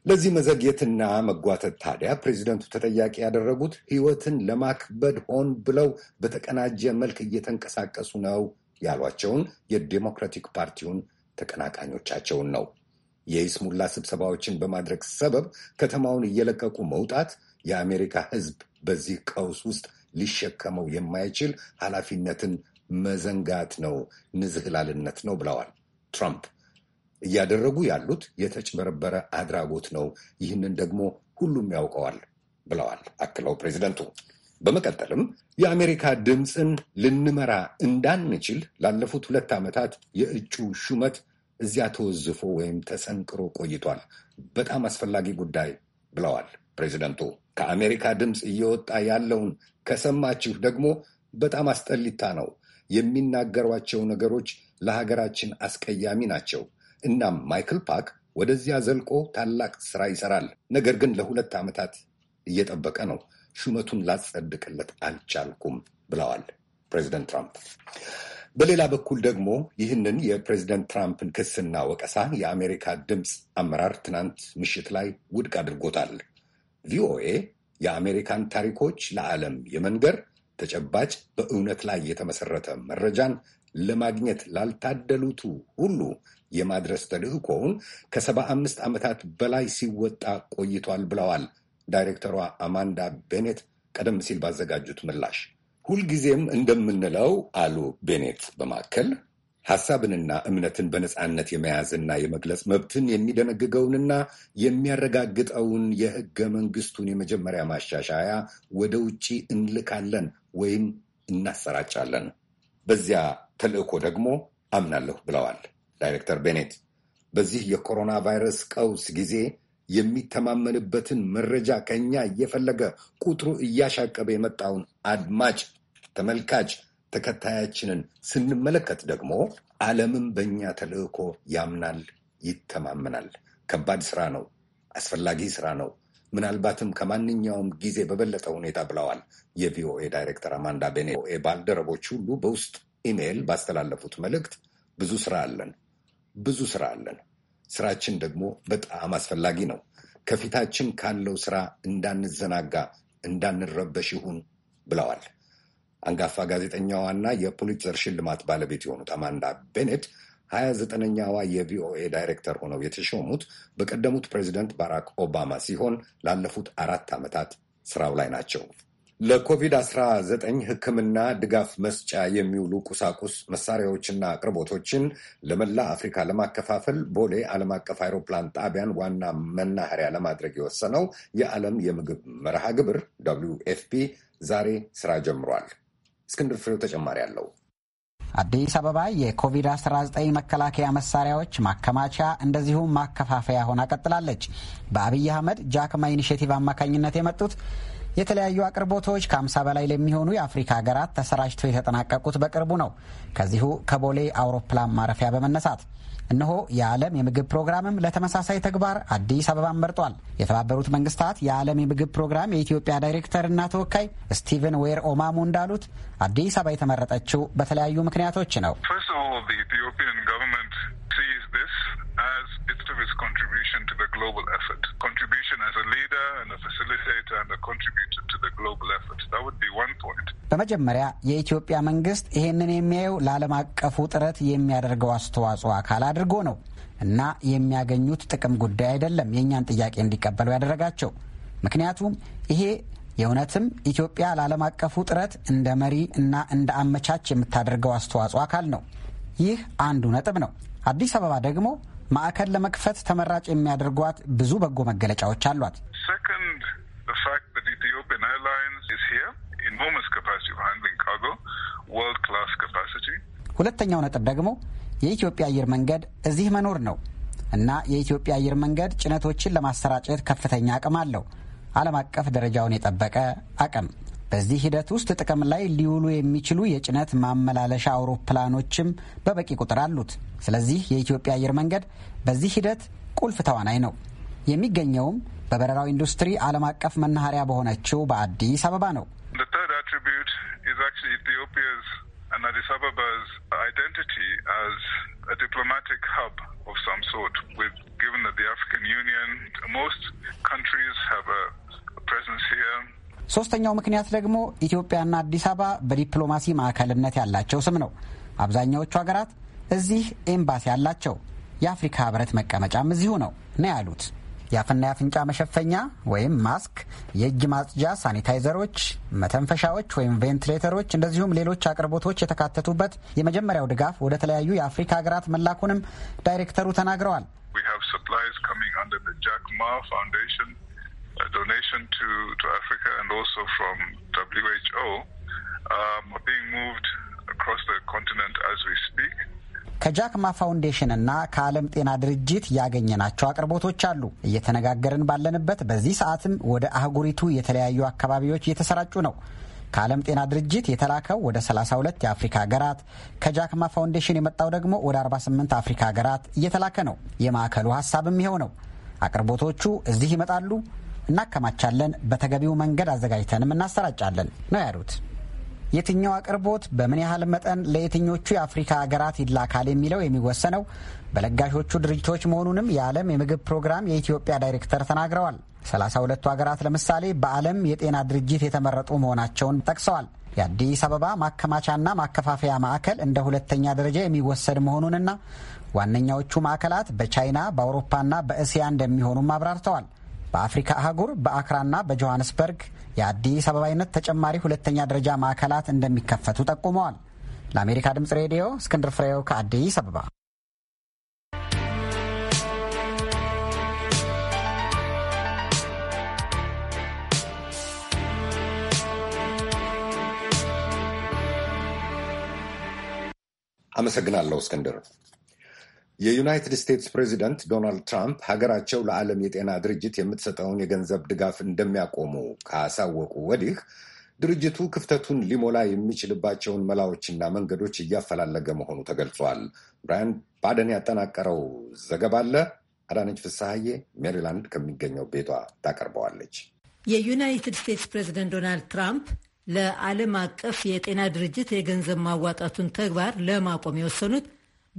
ለዚህ መዘግየትና መጓተት ታዲያ ፕሬዚደንቱ ተጠያቂ ያደረጉት ሕይወትን ለማክበድ ሆን ብለው በተቀናጀ መልክ እየተንቀሳቀሱ ነው ያሏቸውን የዴሞክራቲክ ፓርቲውን ተቀናቃኞቻቸውን ነው። የይስሙላ ስብሰባዎችን በማድረግ ሰበብ ከተማውን እየለቀቁ መውጣት የአሜሪካ ሕዝብ በዚህ ቀውስ ውስጥ ሊሸከመው የማይችል ኃላፊነትን መዘንጋት ነው፣ ንዝህላልነት ነው ብለዋል ትራምፕ። እያደረጉ ያሉት የተጭበረበረ አድራጎት ነው፣ ይህንን ደግሞ ሁሉም ያውቀዋል ብለዋል አክለው ፕሬዚደንቱ። በመቀጠልም የአሜሪካ ድምፅን ልንመራ እንዳንችል ላለፉት ሁለት ዓመታት የእጩ ሹመት እዚያ ተወዝፎ ወይም ተሰንቅሮ ቆይቷል። በጣም አስፈላጊ ጉዳይ ብለዋል ፕሬዚደንቱ። ከአሜሪካ ድምፅ እየወጣ ያለውን ከሰማችሁ ደግሞ በጣም አስጠሊታ ነው። የሚናገሯቸው ነገሮች ለሀገራችን አስቀያሚ ናቸው። እናም ማይክል ፓክ ወደዚያ ዘልቆ ታላቅ ስራ ይሰራል። ነገር ግን ለሁለት ዓመታት እየጠበቀ ነው። ሹመቱን ላጸድቅለት አልቻልኩም ብለዋል ፕሬዚደንት ትራምፕ። በሌላ በኩል ደግሞ ይህንን የፕሬዚደንት ትራምፕን ክስና ወቀሳ የአሜሪካ ድምፅ አመራር ትናንት ምሽት ላይ ውድቅ አድርጎታል። ቪኦኤ የአሜሪካን ታሪኮች ለዓለም የመንገር ተጨባጭ በእውነት ላይ የተመሰረተ መረጃን ለማግኘት ላልታደሉቱ ሁሉ የማድረስ ተልዕኮውን ከሰባ አምስት ዓመታት በላይ ሲወጣ ቆይቷል ብለዋል ዳይሬክተሯ አማንዳ ቤኔት ቀደም ሲል ባዘጋጁት ምላሽ። ሁልጊዜም እንደምንለው አሉ ቤኔት በማከል ሐሳብንና እምነትን በነፃነት የመያዝና የመግለጽ መብትን የሚደነግገውንና የሚያረጋግጠውን የሕገ መንግስቱን የመጀመሪያ ማሻሻያ ወደ ውጭ እንልካለን ወይም እናሰራጫለን። በዚያ ተልዕኮ ደግሞ አምናለሁ ብለዋል ዳይሬክተር ቤኔት። በዚህ የኮሮና ቫይረስ ቀውስ ጊዜ የሚተማመንበትን መረጃ ከኛ እየፈለገ ቁጥሩ እያሻቀበ የመጣውን አድማጭ ተመልካች ተከታያችንን ስንመለከት ደግሞ ዓለምም በእኛ ተልዕኮ ያምናል፣ ይተማመናል። ከባድ ስራ ነው። አስፈላጊ ስራ ነው። ምናልባትም ከማንኛውም ጊዜ በበለጠ ሁኔታ ብለዋል የቪኦኤ ዳይሬክተር አማንዳ ቤኔ። ባልደረቦች ሁሉ በውስጥ ኢሜይል ባስተላለፉት መልእክት ብዙ ስራ አለን፣ ብዙ ስራ አለን። ስራችን ደግሞ በጣም አስፈላጊ ነው። ከፊታችን ካለው ስራ እንዳንዘናጋ፣ እንዳንረበሽ ይሁን ብለዋል። አንጋፋ ጋዜጠኛዋና የፑሊትዘር ሽልማት ባለቤት የሆኑት አማንዳ ቤኔት ሀያ ዘጠነኛዋ የቪኦኤ ዳይሬክተር ሆነው የተሾሙት በቀደሙት ፕሬዚደንት ባራክ ኦባማ ሲሆን ላለፉት አራት ዓመታት ስራው ላይ ናቸው። ለኮቪድ-19 ሕክምና ድጋፍ መስጫ የሚውሉ ቁሳቁስ መሳሪያዎችና አቅርቦቶችን ለመላ አፍሪካ ለማከፋፈል ቦሌ ዓለም አቀፍ አይሮፕላን ጣቢያን ዋና መናኸሪያ ለማድረግ የወሰነው የዓለም የምግብ መርሃ ግብር ደብሊው ኤፍ ዛሬ ስራ ጀምሯል። እስክንድር ፍሬው ተጨማሪ አለው። አዲስ አበባ የኮቪድ-19 መከላከያ መሳሪያዎች ማከማቻ እንደዚሁም ማከፋፈያ ሆና ቀጥላለች። በአብይ አህመድ ጃክማ ኢኒሽቲቭ አማካኝነት የመጡት የተለያዩ አቅርቦቶች ከ50 በላይ ለሚሆኑ የአፍሪካ ሀገራት ተሰራጭተው የተጠናቀቁት በቅርቡ ነው። ከዚሁ ከቦሌ አውሮፕላን ማረፊያ በመነሳት እነሆ የዓለም የምግብ ፕሮግራምም ለተመሳሳይ ተግባር አዲስ አበባን መርጧል። የተባበሩት መንግስታት የዓለም የምግብ ፕሮግራም የኢትዮጵያ ዳይሬክተርና ተወካይ ስቲቨን ዌር ኦማሙ እንዳሉት አዲስ አበባ የተመረጠችው በተለያዩ ምክንያቶች ነው። It's to his contribution to the global effort. Contribution as a leader and a facilitator and a contributor to the global effort. That would be one point. በመጀመሪያ የኢትዮጵያ መንግስት ይህንን የሚያየው ለዓለም አቀፉ ጥረት የሚያደርገው አስተዋጽኦ አካል አድርጎ ነው እና የሚያገኙት ጥቅም ጉዳይ አይደለም የእኛን ጥያቄ እንዲቀበሉ ያደረጋቸው። ምክንያቱም ይሄ የእውነትም ኢትዮጵያ ለዓለም አቀፉ ጥረት እንደ መሪ እና እንደ አመቻች የምታደርገው አስተዋጽኦ አካል ነው። ይህ አንዱ ነጥብ ነው። አዲስ አበባ ደግሞ ማዕከል ለመክፈት ተመራጭ የሚያደርጓት ብዙ በጎ መገለጫዎች አሏት። ሁለተኛው ነጥብ ደግሞ የኢትዮጵያ አየር መንገድ እዚህ መኖር ነው እና የኢትዮጵያ አየር መንገድ ጭነቶችን ለማሰራጨት ከፍተኛ አቅም አለው። ዓለም አቀፍ ደረጃውን የጠበቀ አቅም በዚህ ሂደት ውስጥ ጥቅም ላይ ሊውሉ የሚችሉ የጭነት ማመላለሻ አውሮፕላኖችም በበቂ ቁጥር አሉት። ስለዚህ የኢትዮጵያ አየር መንገድ በዚህ ሂደት ቁልፍ ተዋናይ ነው። የሚገኘውም በበረራው ኢንዱስትሪ ዓለም አቀፍ መናኸሪያ በሆነችው በአዲስ አበባ ነው። ዲፕሎማቲክ ሶስተኛው ምክንያት ደግሞ ኢትዮጵያና አዲስ አበባ በዲፕሎማሲ ማዕከልነት ያላቸው ስም ነው። አብዛኛዎቹ ሀገራት እዚህ ኤምባሲ አላቸው። የአፍሪካ ህብረት መቀመጫም እዚሁ ነው ነው ያሉት። የአፍና የአፍንጫ መሸፈኛ ወይም ማስክ፣ የእጅ ማጽጃ፣ ሳኒታይዘሮች፣ መተንፈሻዎች ወይም ቬንትሌተሮች እንደዚሁም ሌሎች አቅርቦቶች የተካተቱበት የመጀመሪያው ድጋፍ ወደ ተለያዩ የአፍሪካ ሀገራት መላኩንም ዳይሬክተሩ ተናግረዋል። a donation to, to Africa and also from WHO um, are being moved across the continent as we speak. ከጃክማ ፋውንዴሽን እና ከዓለም ጤና ድርጅት ያገኘናቸው አቅርቦቶች አሉ። እየተነጋገርን ባለንበት በዚህ ሰዓትም ወደ አህጉሪቱ የተለያዩ አካባቢዎች እየተሰራጩ ነው። ከዓለም ጤና ድርጅት የተላከው ወደ 32 የአፍሪካ ሀገራት፣ ከጃክማ ፋውንዴሽን የመጣው ደግሞ ወደ 48 አፍሪካ ሀገራት እየተላከ ነው። የማዕከሉ ሀሳብም ይኸው ነው። አቅርቦቶቹ እዚህ ይመጣሉ፣ እናከማቻለን፣ በተገቢው መንገድ አዘጋጅተንም እናሰራጫለን ነው ያሉት። የትኛው አቅርቦት በምን ያህል መጠን ለየትኞቹ የአፍሪካ ሀገራት ይላካል የሚለው የሚወሰነው በለጋሾቹ ድርጅቶች መሆኑንም የዓለም የምግብ ፕሮግራም የኢትዮጵያ ዳይሬክተር ተናግረዋል። ሰላሳ ሁለቱ ሀገራት ለምሳሌ በዓለም የጤና ድርጅት የተመረጡ መሆናቸውን ጠቅሰዋል። የአዲስ አበባ ማከማቻና ማከፋፈያ ማዕከል እንደ ሁለተኛ ደረጃ የሚወሰድ መሆኑንና ዋነኛዎቹ ማዕከላት በቻይና በአውሮፓና በእስያ እንደሚሆኑም አብራርተዋል። በአፍሪካ አህጉር በአክራና በጆሃንስበርግ የአዲስ አበባ ተጨማሪ ሁለተኛ ደረጃ ማዕከላት እንደሚከፈቱ ጠቁመዋል። ለአሜሪካ ድምፅ ሬዲዮ እስክንድር ፍሬው ከአዲስ አበባ። አመሰግናለሁ እስክንድር። የዩናይትድ ስቴትስ ፕሬዚደንት ዶናልድ ትራምፕ ሀገራቸው ለዓለም የጤና ድርጅት የምትሰጠውን የገንዘብ ድጋፍ እንደሚያቆሙ ካሳወቁ ወዲህ ድርጅቱ ክፍተቱን ሊሞላ የሚችልባቸውን መላዎችና መንገዶች እያፈላለገ መሆኑ ተገልጿል። ብራያን ባደን ያጠናቀረው ዘገባ አለ። አዳነች ፍስሐዬ ሜሪላንድ ከሚገኘው ቤቷ ታቀርበዋለች። የዩናይትድ ስቴትስ ፕሬዚደንት ዶናልድ ትራምፕ ለዓለም አቀፍ የጤና ድርጅት የገንዘብ ማዋጣቱን ተግባር ለማቆም የወሰኑት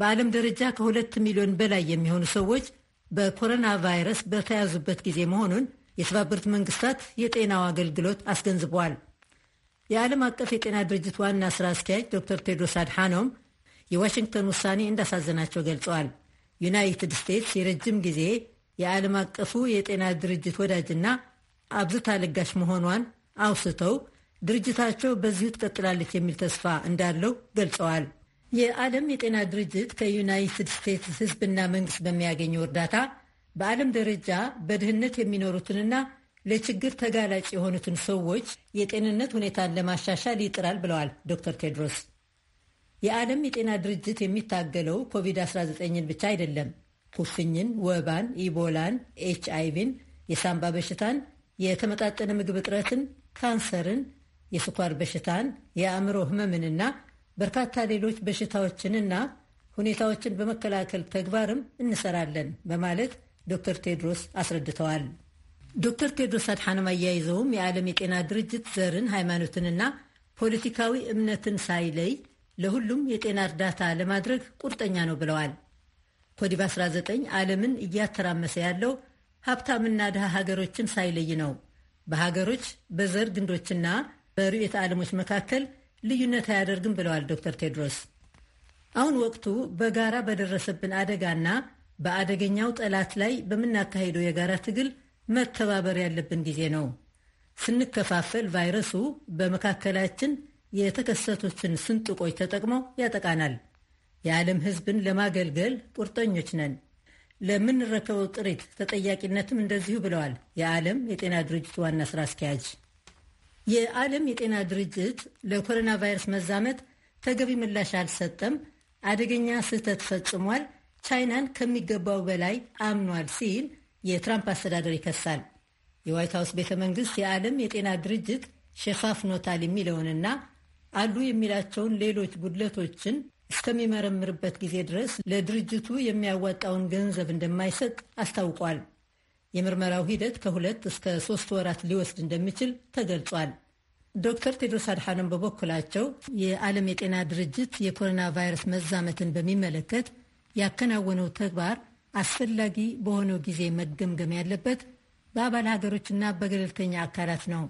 በዓለም ደረጃ ከሁለት ሚሊዮን በላይ የሚሆኑ ሰዎች በኮሮና ቫይረስ በተያዙበት ጊዜ መሆኑን የተባበሩት መንግስታት የጤናው አገልግሎት አስገንዝበዋል። የዓለም አቀፍ የጤና ድርጅት ዋና ስራ አስኪያጅ ዶክተር ቴድሮስ አድሓኖም የዋሽንግተን ውሳኔ እንዳሳዘናቸው ገልጸዋል። ዩናይትድ ስቴትስ የረጅም ጊዜ የዓለም አቀፉ የጤና ድርጅት ወዳጅና አብዝታ ለጋሽ መሆኗን አውስተው ድርጅታቸው በዚሁ ትቀጥላለች የሚል ተስፋ እንዳለው ገልጸዋል። የዓለም የጤና ድርጅት ከዩናይትድ ስቴትስ ሕዝብና መንግስት በሚያገኘው እርዳታ በዓለም ደረጃ በድህነት የሚኖሩትንና ለችግር ተጋላጭ የሆኑትን ሰዎች የጤንነት ሁኔታን ለማሻሻል ይጥራል ብለዋል ዶክተር ቴድሮስ። የዓለም የጤና ድርጅት የሚታገለው ኮቪድ-19ን ብቻ አይደለም። ኩፍኝን፣ ወባን፣ ኢቦላን፣ ኤች አይቪን፣ የሳምባ በሽታን፣ የተመጣጠነ ምግብ እጥረትን፣ ካንሰርን፣ የስኳር በሽታን፣ የአእምሮ ህመምንና በርካታ ሌሎች በሽታዎችንና ሁኔታዎችን በመከላከል ተግባርም እንሰራለን በማለት ዶክተር ቴድሮስ አስረድተዋል። ዶክተር ቴድሮስ አድሓነም አያይዘውም የዓለም የጤና ድርጅት ዘርን፣ ሃይማኖትንና ፖለቲካዊ እምነትን ሳይለይ ለሁሉም የጤና እርዳታ ለማድረግ ቁርጠኛ ነው ብለዋል። ኮዲቭ 19 ዓለምን እያተራመሰ ያለው ሀብታምና ድሃ ሀገሮችን ሳይለይ ነው። በሀገሮች በዘር ግንዶችና በርዕዮተ ዓለሞች መካከል ልዩነት አያደርግም ብለዋል ዶክተር ቴድሮስ። አሁን ወቅቱ በጋራ በደረሰብን አደጋና በአደገኛው ጠላት ላይ በምናካሄደው የጋራ ትግል መተባበር ያለብን ጊዜ ነው። ስንከፋፈል ቫይረሱ በመካከላችን የተከሰቱትን ስንጥቆች ተጠቅሞ ያጠቃናል። የዓለም ሕዝብን ለማገልገል ቁርጠኞች ነን። ለምንረከበው ጥሪት ተጠያቂነትም እንደዚሁ ብለዋል የዓለም የጤና ድርጅት ዋና ስራ አስኪያጅ የዓለም የጤና ድርጅት ለኮሮና ቫይረስ መዛመት ተገቢ ምላሽ አልሰጠም፣ አደገኛ ስህተት ፈጽሟል፣ ቻይናን ከሚገባው በላይ አምኗል ሲል የትራምፕ አስተዳደር ይከሳል። የዋይት ሀውስ ቤተ መንግስት የዓለም የጤና ድርጅት ሸፋፍ ኖታል የሚለውንና አሉ የሚላቸውን ሌሎች ጉድለቶችን እስከሚመረምርበት ጊዜ ድረስ ለድርጅቱ የሚያዋጣውን ገንዘብ እንደማይሰጥ አስታውቋል። የምርመራው ሂደት ከሁለት እስከ ሶስት ወራት ሊወስድ እንደሚችል ተገልጿል። ዶክተር ቴድሮስ አድሓኖም በበኩላቸው የዓለም የጤና ድርጅት የኮሮና ቫይረስ መዛመትን በሚመለከት ያከናወነው ተግባር አስፈላጊ በሆነው ጊዜ መገምገም ያለበት በአባል ሀገሮችና በገለልተኛ አካላት ነው።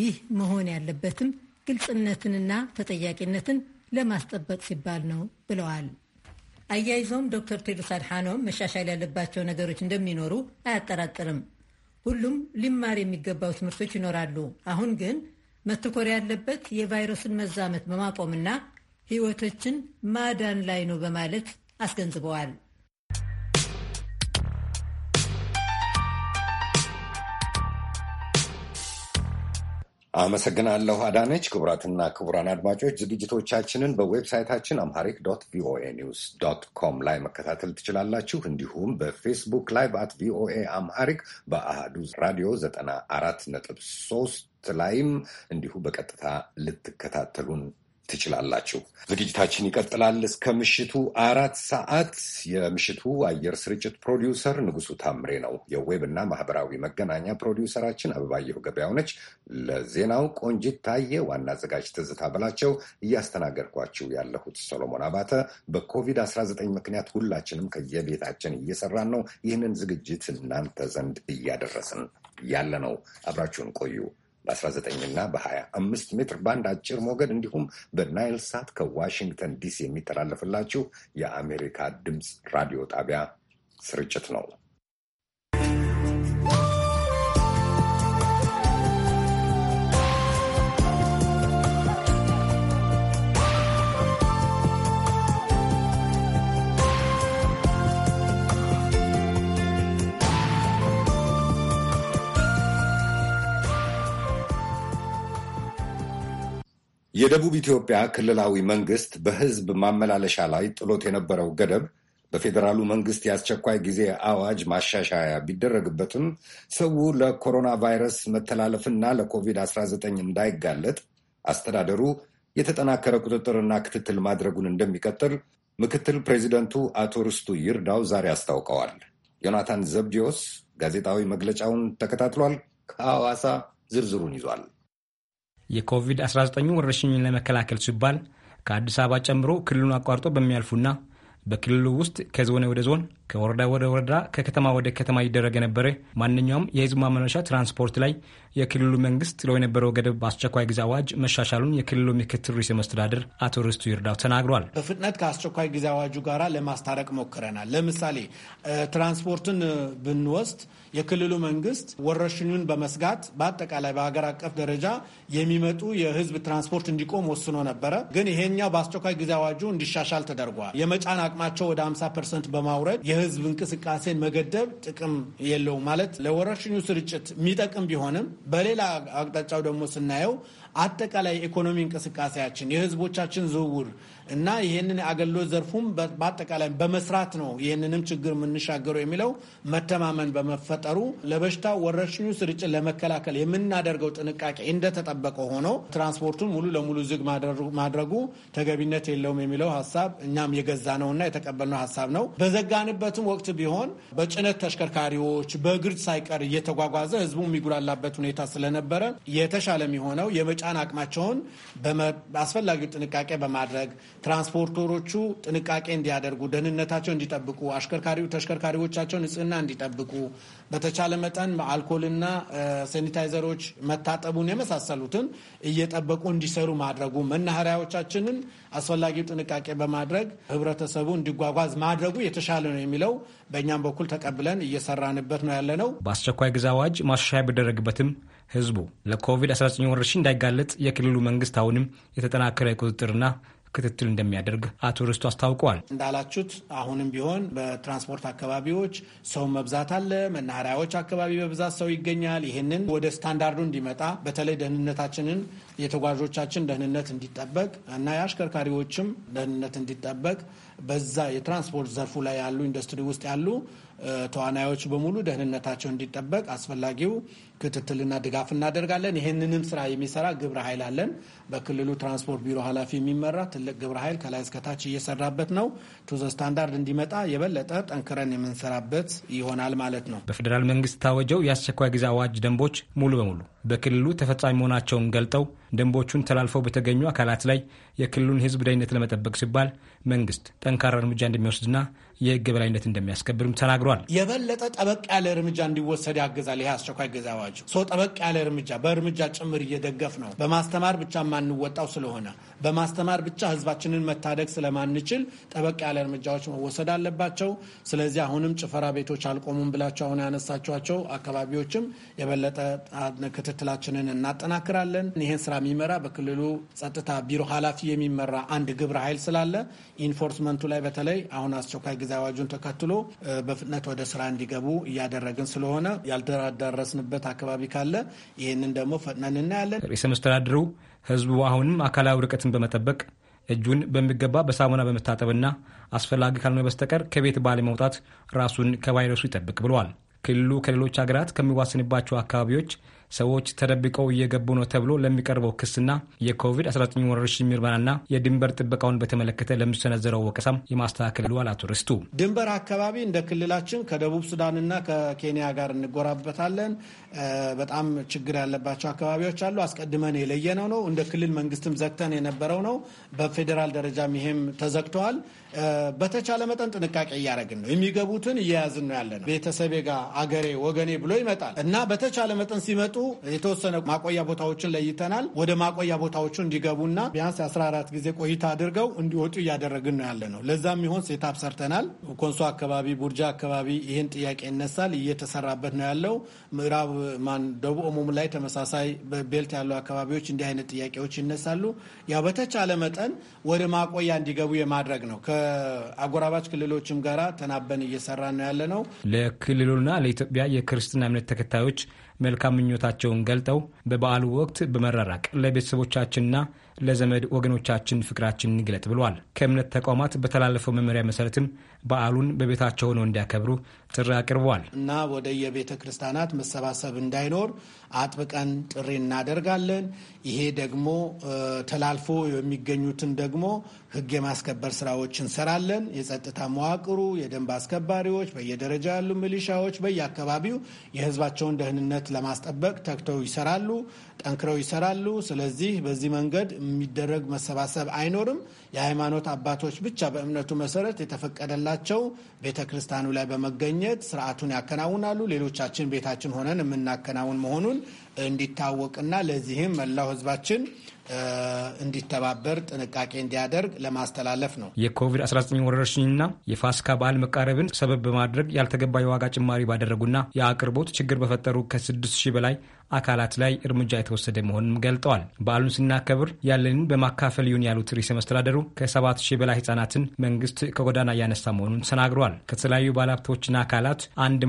ይህ መሆን ያለበትም ግልጽነትንና ተጠያቂነትን ለማስጠበቅ ሲባል ነው ብለዋል። አያይዘውም ዶክተር ቴድሮስ አድሓኖም መሻሻል ያለባቸው ነገሮች እንደሚኖሩ አያጠራጥርም። ሁሉም ሊማር የሚገባው ትምህርቶች ይኖራሉ። አሁን ግን መተኮር ያለበት የቫይረሱን መዛመት በማቆምና ሕይወቶችን ማዳን ላይ ነው በማለት አስገንዝበዋል። አመሰግናለሁ አዳነች። ክቡራትና ክቡራን አድማጮች ዝግጅቶቻችንን በዌብሳይታችን አምሃሪክ ዶት ቪኦኤ ኒውስ ዶት ኮም ላይ መከታተል ትችላላችሁ። እንዲሁም በፌስቡክ ላይቭ አት ቪኦኤ አምሃሪክ በአህዱ ራዲዮ ዘጠና አራት ነጥብ ሶስት ላይም እንዲሁ በቀጥታ ልትከታተሉን ትችላላችሁ። ዝግጅታችን ይቀጥላል እስከ ምሽቱ አራት ሰዓት። የምሽቱ አየር ስርጭት ፕሮዲውሰር ንጉሱ ታምሬ ነው። የዌብ እና ማህበራዊ መገናኛ ፕሮዲውሰራችን አበባየሁ ገበያው ነች። ለዜናው ቆንጅት ታየ፣ ዋና አዘጋጅ ትዝታ ብላቸው፣ እያስተናገድኳችሁ ያለሁት ሰሎሞን አባተ። በኮቪድ-19 ምክንያት ሁላችንም ከየቤታችን እየሰራን ነው። ይህንን ዝግጅት እናንተ ዘንድ እያደረስን ያለ ነው። አብራችሁን ቆዩ። በ19 ና በ25 ሜትር ባንድ አጭር ሞገድ እንዲሁም በናይል ሳት ከዋሽንግተን ዲሲ የሚተላለፍላችሁ የአሜሪካ ድምፅ ራዲዮ ጣቢያ ስርጭት ነው። የደቡብ ኢትዮጵያ ክልላዊ መንግስት በህዝብ ማመላለሻ ላይ ጥሎት የነበረው ገደብ በፌዴራሉ መንግስት የአስቸኳይ ጊዜ አዋጅ ማሻሻያ ቢደረግበትም ሰው ለኮሮና ቫይረስ መተላለፍና ለኮቪድ-19 እንዳይጋለጥ አስተዳደሩ የተጠናከረ ቁጥጥርና ክትትል ማድረጉን እንደሚቀጥል ምክትል ፕሬዚደንቱ አቶ ርስቱ ይርዳው ዛሬ አስታውቀዋል። ዮናታን ዘብዲዮስ ጋዜጣዊ መግለጫውን ተከታትሏል። ከሐዋሳ ዝርዝሩን ይዟል። የኮቪድ-19 ወረርሽኝን ለመከላከል ሲባል ከአዲስ አበባ ጨምሮ ክልሉን አቋርጦ በሚያልፉና በክልሉ ውስጥ ከዞን ወደ ዞን፣ ከወረዳ ወደ ወረዳ፣ ከከተማ ወደ ከተማ ይደረግ የነበረ ማንኛውም የህዝብ ማመላለሻ ትራንስፖርት ላይ የክልሉ መንግስት ጥሎ የነበረው ገደብ በአስቸኳይ ጊዜ አዋጅ መሻሻሉን የክልሉ ምክትል ርዕሰ መስተዳድር አቶ ርስቱ ይርዳው ተናግሯል። በፍጥነት ከአስቸኳይ ጊዜ አዋጁ ጋራ ለማስታረቅ ሞክረናል። ለምሳሌ ትራንስፖርትን ብንወስድ የክልሉ መንግስት ወረርሽኙን በመስጋት በአጠቃላይ በሀገር አቀፍ ደረጃ የሚመጡ የህዝብ ትራንስፖርት እንዲቆም ወስኖ ነበረ። ግን ይሄኛው በአስቸኳይ ጊዜ አዋጁ እንዲሻሻል ተደርጓል። የመጫን አቅማቸው ወደ 50 ፐርሰንት በማውረድ የህዝብ እንቅስቃሴን መገደብ ጥቅም የለውም ማለት ለወረርሽኙ ስርጭት የሚጠቅም ቢሆንም በሌላ አቅጣጫው ደግሞ ስናየው አጠቃላይ ኢኮኖሚ እንቅስቃሴያችን የህዝቦቻችን ዝውውር እና ይህንን የአገልግሎት ዘርፉም በአጠቃላይ በመስራት ነው ይህንንም ችግር የምንሻገረው የሚለው መተማመን በመፈጠሩ ለበሽታ ወረርሽኙ ስርጭት ለመከላከል የምናደርገው ጥንቃቄ እንደተጠበቀ ሆኖ ትራንስፖርቱን ሙሉ ለሙሉ ዝግ ማድረጉ ተገቢነት የለውም የሚለው ሀሳብ እኛም የገዛ ነውና የተቀበልነው ሀሳብ ነው። በዘጋንበትም ወቅት ቢሆን በጭነት ተሽከርካሪዎች በእግር ሳይቀር እየተጓጓዘ ህዝቡ የሚጉላላበት ሁኔታ ስለነበረ የተሻለ የሚሆነው የመጫን አቅማቸውን አስፈላጊው ጥንቃቄ በማድረግ ትራንስፖርተሮቹ ጥንቃቄ እንዲያደርጉ፣ ደህንነታቸው እንዲጠብቁ፣ አሽከርካሪው ተሽከርካሪዎቻቸው ንጽህና እንዲጠብቁ፣ በተቻለ መጠን አልኮልና ሴኒታይዘሮች መታጠቡን የመሳሰሉትን እየጠበቁ እንዲሰሩ ማድረጉ፣ መናኸሪያዎቻችንን አስፈላጊው ጥንቃቄ በማድረግ ህብረተሰቡ እንዲጓጓዝ ማድረጉ የተሻለ ነው የሚለው በእኛም በኩል ተቀብለን እየሰራንበት ነው ነው። በአስቸኳይ ጊዜ አዋጅ ማሻሻያ ቢደረግበትም ህዝቡ ለኮቪድ-19 ወረርሽኝ እንዳይጋለጥ የክልሉ መንግስት አሁንም የተጠናከረ ቁጥጥርና ክትትል እንደሚያደርግ አቶ ርስቱ አስታውቀዋል። እንዳላችሁት አሁንም ቢሆን በትራንስፖርት አካባቢዎች ሰው መብዛት አለ። መናኸሪያዎች አካባቢ በብዛት ሰው ይገኛል። ይህንን ወደ ስታንዳርዱ እንዲመጣ በተለይ ደህንነታችንን የተጓዦቻችን ደህንነት እንዲጠበቅ እና የአሽከርካሪዎችም ደህንነት እንዲጠበቅ በዛ የትራንስፖርት ዘርፉ ላይ ያሉ ኢንዱስትሪ ውስጥ ያሉ ተዋናዮች በሙሉ ደህንነታቸው እንዲጠበቅ አስፈላጊው ክትትልና ድጋፍ እናደርጋለን። ይህንንም ስራ የሚሰራ ግብረ ኃይል አለን። በክልሉ ትራንስፖርት ቢሮ ኃላፊ የሚመራ ትልቅ ግብረ ኃይል ከላይ እስከታች እየሰራበት ነው። ቱዘ ስታንዳርድ እንዲመጣ የበለጠ ጠንክረን የምንሰራበት ይሆናል ማለት ነው። በፌዴራል መንግስት ታወጀው የአስቸኳይ ጊዜ አዋጅ ደንቦች ሙሉ በሙሉ በክልሉ ተፈጻሚ መሆናቸውን ገልጠው ደንቦቹን ተላልፈው በተገኙ አካላት ላይ የክልሉን ህዝብ ደህንነት ለመጠበቅ ሲባል መንግስት ጠንካራ እርምጃ እንደሚወስድና የህግ በላይነት እንደሚያስከብርም ተናግሯል። የበለጠ ጠበቅ ያለ እርምጃ እንዲወሰድ ያግዛል። ይህ አስቸኳይ ጊዜ አዋጅ ሶ ጠበቅ ያለ እርምጃ በእርምጃ ጭምር እየደገፍ ነው። በማስተማር ብቻ ማንወጣው ስለሆነ በማስተማር ብቻ ህዝባችንን መታደግ ስለማንችል ጠበቅ ያለ እርምጃዎች መወሰድ አለባቸው። ስለዚህ አሁንም ጭፈራ ቤቶች አልቆሙም ብላቸው አሁን ያነሳቸዋቸው አካባቢዎችም የበለጠ ክትትላችንን እናጠናክራለን። ይህን ስራ የሚመራ በክልሉ ጸጥታ ቢሮ ኃላፊ የሚመራ አንድ ግብረ ኃይል ስላለ ኢንፎርስመንቱ ላይ በተለይ አሁን አስቸኳይ ጊዜ አዋጁን ተከትሎ በፍጥነት ወደ ስራ እንዲገቡ እያደረግን ስለሆነ ያልደረስንበት አካባቢ ካለ ይህንን ደግሞ ፈጥነን እናያለን። ርዕሰ መስተዳድሩ ህዝቡ አሁንም አካላዊ ርቀትን በመጠበቅ እጁን በሚገባ በሳሙና በመታጠብና አስፈላጊ ካልሆነ በስተቀር ከቤት ባለመውጣት ራሱን ከቫይረሱ ይጠብቅ ብለዋል። ክልሉ ከሌሎች ሀገራት ከሚዋሰንባቸው አካባቢዎች ሰዎች ተደብቀው እየገቡ ነው ተብሎ ለሚቀርበው ክስና የኮቪድ-19 ወረርሽኝ ምርመራና የድንበር ጥበቃውን በተመለከተ ለሚሰነዘረው ወቀሳም የማስተካከል ብለዋል አቶ ርስቱ። ድንበር አካባቢ እንደ ክልላችን ከደቡብ ሱዳንና ከኬንያ ጋር እንጎራበታለን። በጣም ችግር ያለባቸው አካባቢዎች አሉ። አስቀድመን የለየነው ነው። እንደ ክልል መንግስትም ዘግተን የነበረው ነው። በፌዴራል ደረጃም ይሄም ተዘግተዋል። በተቻለ መጠን ጥንቃቄ እያደረግን ነው። የሚገቡትን እየያዝን ነው ያለ ነው። ቤተሰቤ ጋር አገሬ ወገኔ ብሎ ይመጣል እና በተቻለ መጠን ሲመጡ የተወሰነ ማቆያ ቦታዎችን ለይተናል። ወደ ማቆያ ቦታዎቹ እንዲገቡና ቢያንስ 14 ጊዜ ቆይታ አድርገው እንዲወጡ እያደረግን ነው ያለ ነው። ለዛ የሚሆን ሴታፕ ሰርተናል። ኮንሶ አካባቢ፣ ቡርጃ አካባቢ ይህን ጥያቄ ይነሳል፣ እየተሰራበት ነው ያለው። ምዕራብ ማን ደቡብ ኦሞም ላይ ተመሳሳይ ቤልት ያሉ አካባቢዎች እንዲህ አይነት ጥያቄዎች ይነሳሉ። ያ በተቻለ መጠን ወደ ማቆያ እንዲገቡ የማድረግ ነው። ከአጎራባች ክልሎችም ጋራ ተናበን እየሰራ ነው ያለ ነው። ለክልሉና ለኢትዮጵያ የክርስትና እምነት ተከታዮች መልካም ምኞታቸውን ገልጠው በበዓሉ ወቅት በመራራቅ ለቤተሰቦቻችንና ለዘመድ ወገኖቻችን ፍቅራችን እንግለጥ ብሏል። ከእምነት ተቋማት በተላለፈው መመሪያ መሰረትም በዓሉን በቤታቸው ሆነው እንዲያከብሩ ጥሪ አቅርበዋል እና ወደ የቤተ ክርስቲያናት መሰባሰብ እንዳይኖር አጥብቀን ጥሪ እናደርጋለን። ይሄ ደግሞ ተላልፎ የሚገኙትን ደግሞ ሕግ የማስከበር ስራዎች እንሰራለን። የጸጥታ መዋቅሩ፣ የደንብ አስከባሪዎች፣ በየደረጃ ያሉ ሚሊሻዎች በየአካባቢው የሕዝባቸውን ደህንነት ለማስጠበቅ ተግተው ይሰራሉ፣ ጠንክረው ይሰራሉ። ስለዚህ በዚህ መንገድ የሚደረግ መሰባሰብ አይኖርም። የሃይማኖት አባቶች ብቻ በእምነቱ መሰረት የተፈቀደላቸው ቤተ ክርስቲያኑ ላይ በመገኘት ስርዓቱን ያከናውናሉ። ሌሎቻችን ቤታችን ሆነን የምናከናውን መሆኑን እንዲታወቅና ለዚህም መላው ህዝባችን እንዲተባበር ጥንቃቄ እንዲያደርግ ለማስተላለፍ ነው። የኮቪድ-19 ወረርሽኝና የፋሲካ በዓል መቃረብን ሰበብ በማድረግ ያልተገባ የዋጋ ጭማሪ ባደረጉና የአቅርቦት ችግር በፈጠሩ ከ6000 6 በላይ አካላት ላይ እርምጃ የተወሰደ መሆኑንም ገልጠዋል። በዓሉን ስናከብር ያለንን በማካፈል ይሁን ያሉት ርዕሰ መስተዳደሩ ከሰባት ሺህ በላይ ህጻናትን መንግስት ከጎዳና እያነሳ መሆኑን ተናግረዋል። ከተለያዩ ባለሀብቶችና አካላት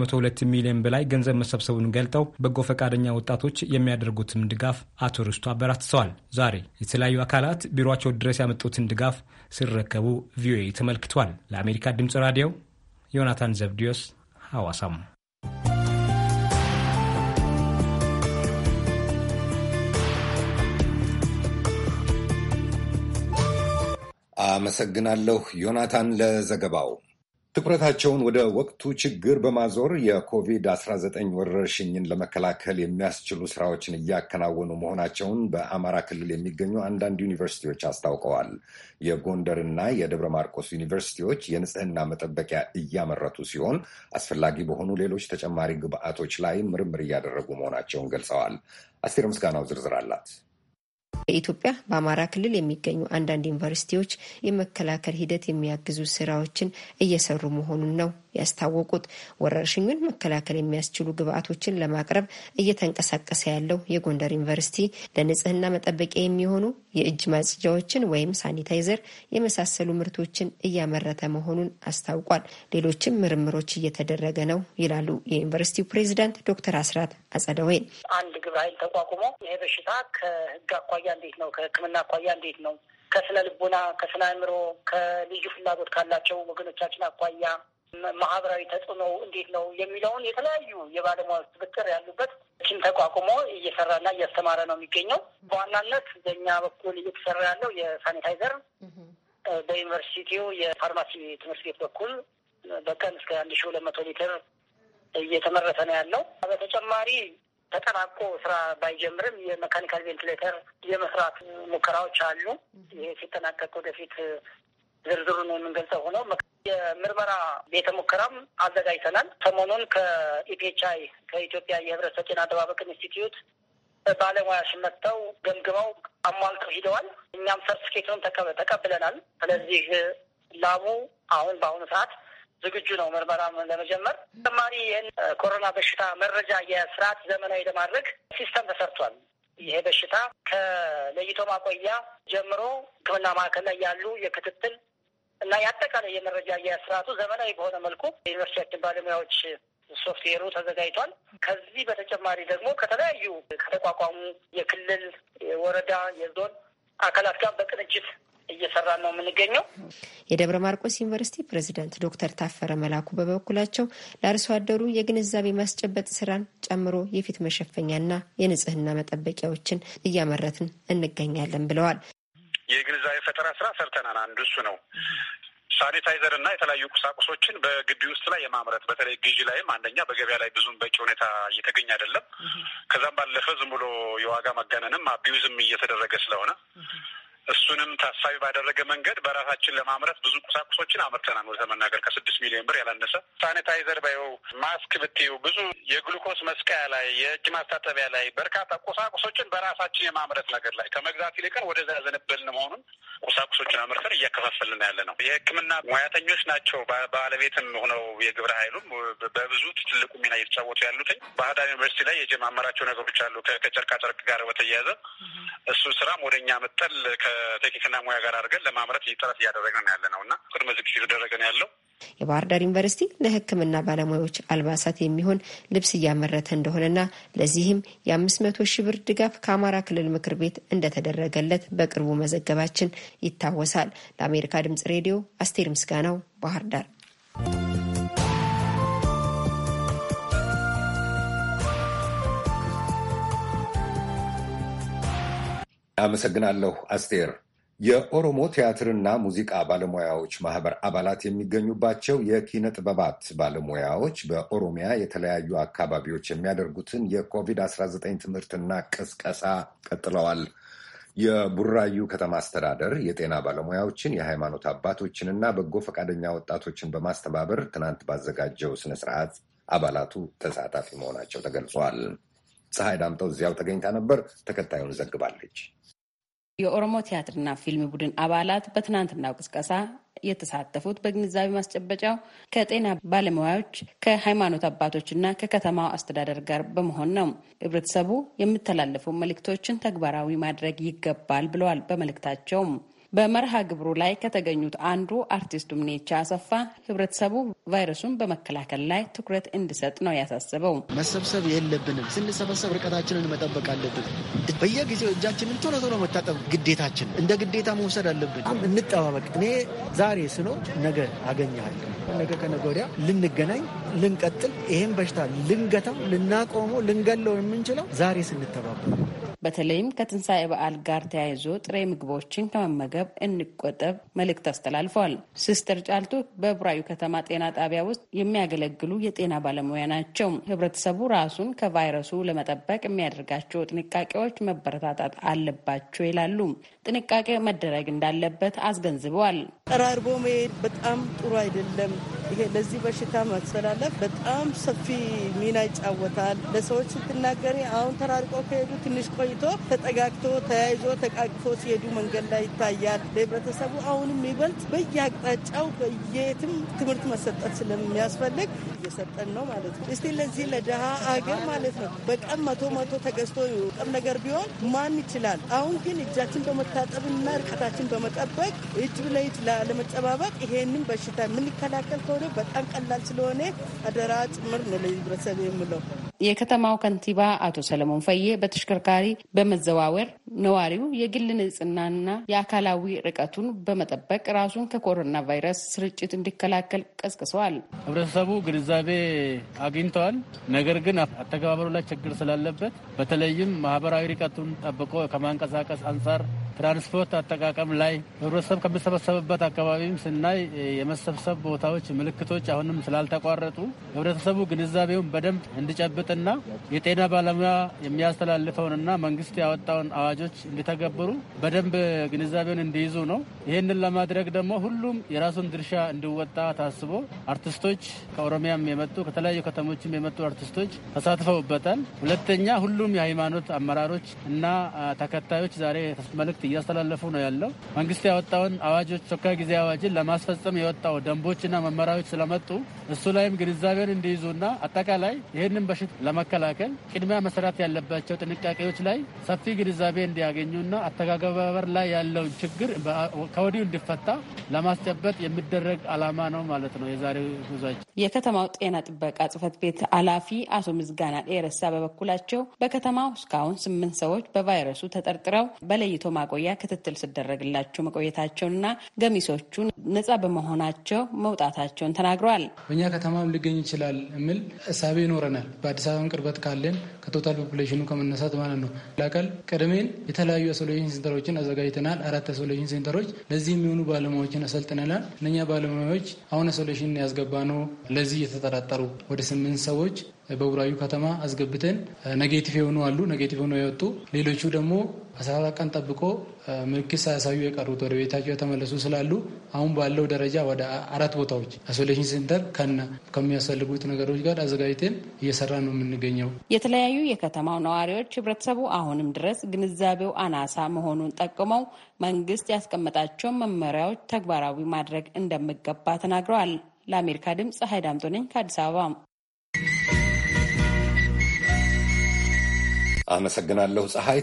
102 ሚሊዮን በላይ ገንዘብ መሰብሰቡን ገልጠው በጎ ፈቃደኛ ወጣቶች የሚያደርጉትም ድጋፍ አቶ ርስቱ አበራትተዋል። ዛሬ የተለያዩ አካላት ቢሮቸው ድረስ ያመጡትን ድጋፍ ሲረከቡ ቪኦኤ ተመልክቷል። ለአሜሪካ ድምፅ ራዲዮ ዮናታን ዘብዲዮስ ሐዋሳም አመሰግናለሁ ዮናታን ለዘገባው። ትኩረታቸውን ወደ ወቅቱ ችግር በማዞር የኮቪድ-19 ወረርሽኝን ለመከላከል የሚያስችሉ ስራዎችን እያከናወኑ መሆናቸውን በአማራ ክልል የሚገኙ አንዳንድ ዩኒቨርሲቲዎች አስታውቀዋል። የጎንደርና የደብረ ማርቆስ ዩኒቨርሲቲዎች የንጽህና መጠበቂያ እያመረቱ ሲሆን አስፈላጊ በሆኑ ሌሎች ተጨማሪ ግብዓቶች ላይ ምርምር እያደረጉ መሆናቸውን ገልጸዋል። አስቴር ምስጋናው ዝርዝር አላት። በኢትዮጵያ በአማራ ክልል የሚገኙ አንዳንድ ዩኒቨርሲቲዎች የመከላከል ሂደት የሚያግዙ ስራዎችን እየሰሩ መሆኑን ነው ያስታወቁት። ወረርሽኙን መከላከል የሚያስችሉ ግብዓቶችን ለማቅረብ እየተንቀሳቀሰ ያለው የጎንደር ዩኒቨርሲቲ ለንጽህና መጠበቂያ የሚሆኑ የእጅ ማጽጃዎችን ወይም ሳኒታይዘር የመሳሰሉ ምርቶችን እያመረተ መሆኑን አስታውቋል። ሌሎችም ምርምሮች እየተደረገ ነው ይላሉ የዩኒቨርሲቲው ፕሬዚዳንት ዶክተር አስራት አጸደወይን አንድ ግብረ ኃይል ተቋቁሞ ይሄ በሽታ ከህግ አኳያ እንዴት ነው፣ ከህክምና አኳያ እንዴት ነው፣ ከስነ ልቦና፣ ከስነ አእምሮ፣ ከልዩ ፍላጎት ካላቸው ወገኖቻችን አኳያ ማህበራዊ ተጽዕኖ እንዴት ነው የሚለውን የተለያዩ የባለሙያዎች ትብጥር ያሉበት ቲም ተቋቁሞ እየሰራና እያስተማረ ነው የሚገኘው። በዋናነት በእኛ በኩል እየተሰራ ያለው የሳኒታይዘር በዩኒቨርሲቲው የፋርማሲ ትምህርት ቤት በኩል በቀን እስከ አንድ ሺ ሁለት መቶ ሊትር እየተመረተ ነው ያለው። በተጨማሪ ተጠናቆ ስራ ባይጀምርም የመካኒካል ቬንቲሌተር የመስራት ሙከራዎች አሉ። ይሄ ሲጠናቀቅ ወደፊት ዝርዝሩን የምንገልጸው ሆነው የምርመራ ቤተ ሙከራም አዘጋጅተናል። ሰሞኑን ከኢፒኤችአይ ከኢትዮጵያ የህብረተሰብ ጤና አጠባበቅ ኢንስቲትዩት ባለሙያዎች መጥተው ገምግመው አሟልተው ሂደዋል። እኛም ሰርቲፊኬቱን ተቀብለናል። ስለዚህ ላቡ አሁን በአሁኑ ሰዓት ዝግጁ ነው ምርመራም ለመጀመር። ተጨማሪ ይህን ኮሮና በሽታ መረጃ የስርዓት ዘመናዊ ለማድረግ ሲስተም ተሰርቷል። ይሄ በሽታ ከለይቶ ማቆያ ጀምሮ ሕክምና ማዕከል ላይ ያሉ የክትትል እና የአጠቃላይ የመረጃ የስርዓቱ ዘመናዊ በሆነ መልኩ የዩኒቨርሲቲያችን ባለሙያዎች ሶፍትዌሩ ተዘጋጅቷል። ከዚህ በተጨማሪ ደግሞ ከተለያዩ ከተቋቋሙ የክልል፣ የወረዳ፣ የዞን አካላት ጋር በቅንጅት እየሰራ ነው የምንገኘው። የደብረ ማርቆስ ዩኒቨርሲቲ ፕሬዚደንት ዶክተር ታፈረ መላኩ በበኩላቸው ለአርሶ አደሩ የግንዛቤ ማስጨበጥ ስራን ጨምሮ የፊት መሸፈኛና የንጽህና መጠበቂያዎችን እያመረትን እንገኛለን ብለዋል። የግንዛቤ ፈጠራ ስራ ሰርተናል። አንዱ እሱ ነው። ሳኒታይዘር እና የተለያዩ ቁሳቁሶችን በግቢ ውስጥ ላይ የማምረት በተለይ ግዢ ላይም አንደኛ በገበያ ላይ ብዙም በቂ ሁኔታ እየተገኘ አይደለም። ከዛም ባለፈ ዝም ብሎ የዋጋ መጋነንም አቢውዝም እየተደረገ ስለሆነ እሱንም ታሳቢ ባደረገ መንገድ በራሳችን ለማምረት ብዙ ቁሳቁሶችን አምርተናል። ወደ መናገር ከስድስት ሚሊዮን ብር ያላነሰ ሳኒታይዘር ባየው ማስክ ብትዩ ብዙ የግሉኮስ መስቀያ ላይ የእጅ ማስታጠቢያ ላይ በርካታ ቁሳቁሶችን በራሳችን የማምረት ነገር ላይ ከመግዛት ይልቀን ወደዛ ያዘነበልን መሆኑን ቁሳቁሶችን አምርተን እያከፋፈልን ያለ ነው። የሕክምና ሙያተኞች ናቸው ባለቤትም ሆነው የግብረ ኃይሉም በብዙ ትልቁ ሚና እየተጫወቱ ያሉትኝ ባህርዳር ዩኒቨርሲቲ ላይ የጀማመራቸው ነገሮች አሉ ከጨርቃጨርቅ ጋር በተያያዘ እሱ ስራም ወደ እኛ መጠል ከ ከቴክኒክና ሙያ ጋር አድርገን ለማምረት ጥረት ነው ያለ ነው እና ቅድመ ዝግጅት እየተደረገ ነው ያለው። የባህር ዳር ዩኒቨርሲቲ ለሕክምና ባለሙያዎች አልባሳት የሚሆን ልብስ እያመረተ እንደሆነና ለዚህም የአምስት መቶ ሺህ ብር ድጋፍ ከአማራ ክልል ምክር ቤት እንደተደረገለት በቅርቡ መዘገባችን ይታወሳል። ለአሜሪካ ድምጽ ሬዲዮ አስቴር ምስጋናው ባህር ዳር። አመሰግናለሁ አስቴር። የኦሮሞ ቲያትርና ሙዚቃ ባለሙያዎች ማህበር አባላት የሚገኙባቸው የኪነ ጥበባት ባለሙያዎች በኦሮሚያ የተለያዩ አካባቢዎች የሚያደርጉትን የኮቪድ-19 ትምህርትና ቅስቀሳ ቀጥለዋል። የቡራዩ ከተማ አስተዳደር የጤና ባለሙያዎችን፣ የሃይማኖት አባቶችንና በጎ ፈቃደኛ ወጣቶችን በማስተባበር ትናንት ባዘጋጀው ስነስርዓት አባላቱ ተሳታፊ መሆናቸው ተገልጿል። ፀሐይ ዳምጠው እዚያው ተገኝታ ነበር፣ ተከታዩን ዘግባለች። የኦሮሞ ቲያትርና ፊልም ቡድን አባላት በትናንትናው ቅስቀሳ የተሳተፉት በግንዛቤ ማስጨበጫው ከጤና ባለሙያዎች ከሃይማኖት አባቶችና ከከተማው አስተዳደር ጋር በመሆን ነው። ህብረተሰቡ የሚተላለፉ መልእክቶችን ተግባራዊ ማድረግ ይገባል ብለዋል። በመልእክታቸውም በመርሃ ግብሩ ላይ ከተገኙት አንዱ አርቲስት ዱምኔቻ አሰፋ ህብረተሰቡ ቫይረሱን በመከላከል ላይ ትኩረት እንዲሰጥ ነው ያሳስበው። መሰብሰብ የለብንም። ስንሰበሰብ ርቀታችንን መጠበቅ አለብን። በየጊዜው እጃችንን ቶሎ ቶሎ መታጠብ ግዴታችን፣ እንደ ግዴታ መውሰድ አለብን። እንጠባበቅ። እኔ ዛሬ ስኖ ነገ አገኘሃለሁ፣ ነገ ከነገ ወዲያ ልንገናኝ፣ ልንቀጥል፣ ይህም በሽታ ልንገታው፣ ልናቆመው፣ ልንገለው የምንችለው ዛሬ ስንተባበቅ በተለይም ከትንሣኤ በዓል ጋር ተያይዞ ጥሬ ምግቦችን ከመመገብ እንቆጠብ መልእክት አስተላልፏል። ሲስተር ጫልቱ በቡራዩ ከተማ ጤና ጣቢያ ውስጥ የሚያገለግሉ የጤና ባለሙያ ናቸው። ህብረተሰቡ ራሱን ከቫይረሱ ለመጠበቅ የሚያደርጋቸው ጥንቃቄዎች መበረታታት አለባቸው ይላሉ። ጥንቃቄ መደረግ እንዳለበት አስገንዝበዋል። ጠራርቦ መሄድ በጣም ጥሩ አይደለም። ይሄ ለዚህ በሽታ መተላለፍ በጣም ሰፊ ሚና ይጫወታል። ለሰዎች ስትናገሪ አሁን ተራርቆ ከሄዱ ትንሽ ቆይ ተለያይቶ ተጠጋግቶ ተያይዞ ተቃቅፎ ሲሄዱ መንገድ ላይ ይታያል። ለህብረተሰቡ አሁንም ይበልጥ በየአቅጣጫው በየትም ትምህርት መሰጠት ስለሚያስፈልግ እየሰጠን ነው ማለት ነው። እስቲ ለዚህ ለድሃ አገር ማለት ነው በቀን መቶ መቶ ተገዝቶ ቀም ነገር ቢሆን ማን ይችላል? አሁን ግን እጃችን በመታጠብና እርቀታችን በመጠበቅ እጅ ብለይት ለመጨባበቅ ይሄንን በሽታ የምንከላከል ከሆነ በጣም ቀላል ስለሆነ አደራ ጭምር ነው ለህብረተሰብ የምለው። የከተማው ከንቲባ አቶ ሰለሞን ፈዬ በተሽከርካሪ በመዘዋወር ነዋሪው የግል ንጽህናና የአካላዊ ርቀቱን በመጠበቅ ራሱን ከኮሮና ቫይረስ ስርጭት እንዲከላከል ቀስቅሰዋል። ህብረተሰቡ ግንዛቤ አግኝተዋል። ነገር ግን አተገባበሩ ላይ ችግር ስላለበት በተለይም ማህበራዊ ርቀቱን ጠብቆ ከማንቀሳቀስ አንጻር ትራንስፖርት አጠቃቀም ላይ ህብረተሰብ ከሚሰበሰብበት አካባቢም ስናይ የመሰብሰብ ቦታዎች ምልክቶች አሁንም ስላልተቋረጡ ህብረተሰቡ ግንዛቤውን በደንብ እንዲጨብጥና የጤና ባለሙያ የሚያስተላልፈውንና መንግስት ያወጣውን አዋጆች እንዲተገብሩ በደንብ ግንዛቤውን እንዲይዙ ነው። ይህንን ለማድረግ ደግሞ ሁሉም የራሱን ድርሻ እንዲወጣ ታስቦ አርቲስቶች ከኦሮሚያም የመጡ ከተለያዩ ከተሞችም የመጡ አርቲስቶች ተሳትፈውበታል። ሁለተኛ ሁሉም የሃይማኖት አመራሮች እና ተከታዮች ዛሬ መልእክት እያስተላለፉ ነው ያለው። መንግስት ያወጣውን አዋጆች ሶካ ጊዜ አዋጅን ለማስፈጸም የወጣው ደንቦችና መመሪያዎች ስለመጡ እሱ ላይም ግንዛቤን እንዲይዙና አጠቃላይ ይህንን በሽት ለመከላከል ቅድሚያ መሰራት ያለባቸው ጥንቃቄዎች ላይ ሰፊ ግንዛቤ እንዲያገኙና አተጋገባበር ላይ ያለውን ችግር ከወዲሁ እንዲፈታ ለማስጨበጥ የሚደረግ አላማ ነው ማለት ነው የዛሬው ጉዟቸው። የከተማው ጤና ጥበቃ ጽህፈት ቤት ኃላፊ አቶ ምዝጋና ጤረሳ በበኩላቸው በከተማው እስካሁን ስምንት ሰዎች በቫይረሱ ተጠርጥረው በለይቶ ማቆያ ክትትል ሲደረግላቸው መቆየታቸውንና ገሚሶቹን ነጻ በመሆናቸው መውጣታቸውን ተናግረዋል። በእኛ ከተማም ሊገኝ ይችላል የሚል እሳቤ ይኖረናል። በአዲስ አበባም ቅርበት ካለን ከቶታል ፖፕሌሽኑ ከመነሳት ማለት ነው ለአካል ቅድሜን የተለያዩ አሶሌሽን ሴንተሮችን አዘጋጅተናል። አራት አሶሌሽን ሴንተሮች ለዚህ የሚሆኑ ባለሙያዎችን አሰልጥነናል። እነኛ ባለሙያዎች አሁን አሶሌሽን ያስገባ ነው ለዚህ የተጠራጠሩ ወደ ስምንት ሰዎች በቡራዩ ከተማ አስገብተን ነጌቲቭ የሆኑ አሉ፣ ነጌቲቭ ሆነው የወጡ ሌሎቹ ደግሞ አስራ አራት ቀን ጠብቆ ምልክት ሳያሳዩ የቀሩት ወደ ቤታቸው የተመለሱ ስላሉ አሁን ባለው ደረጃ ወደ አራት ቦታዎች አይሶሌሽን ሴንተር ከነ ከሚያስፈልጉት ነገሮች ጋር አዘጋጅተን እየሰራ ነው የምንገኘው። የተለያዩ የከተማው ነዋሪዎች ህብረተሰቡ አሁንም ድረስ ግንዛቤው አናሳ መሆኑን ጠቅመው መንግስት ያስቀመጣቸውን መመሪያዎች ተግባራዊ ማድረግ እንደሚገባ ተናግረዋል። ለአሜሪካ ድምፅ ሀይድ አምጦነኝ ከአዲስ አበባ። አመሰግናለሁ ፀሐይ።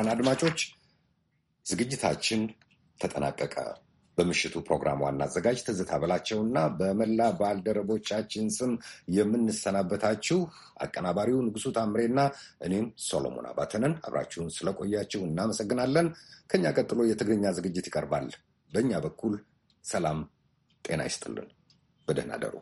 ክቡራን አድማጮች ዝግጅታችን ተጠናቀቀ። በምሽቱ ፕሮግራም ዋና አዘጋጅ ትዝታ እና በመላ ባልደረቦቻችን ስም የምንሰናበታችሁ አቀናባሪው ንጉሱ ታምሬና እኔም ሶሎሞን አባተንን አብራችሁን ስለቆያችሁ እናመሰግናለን። ከኛ ቀጥሎ የትግርኛ ዝግጅት ይቀርባል። በእኛ በኩል ሰላም ጤና ይስጥልን። በደህና ደሩ።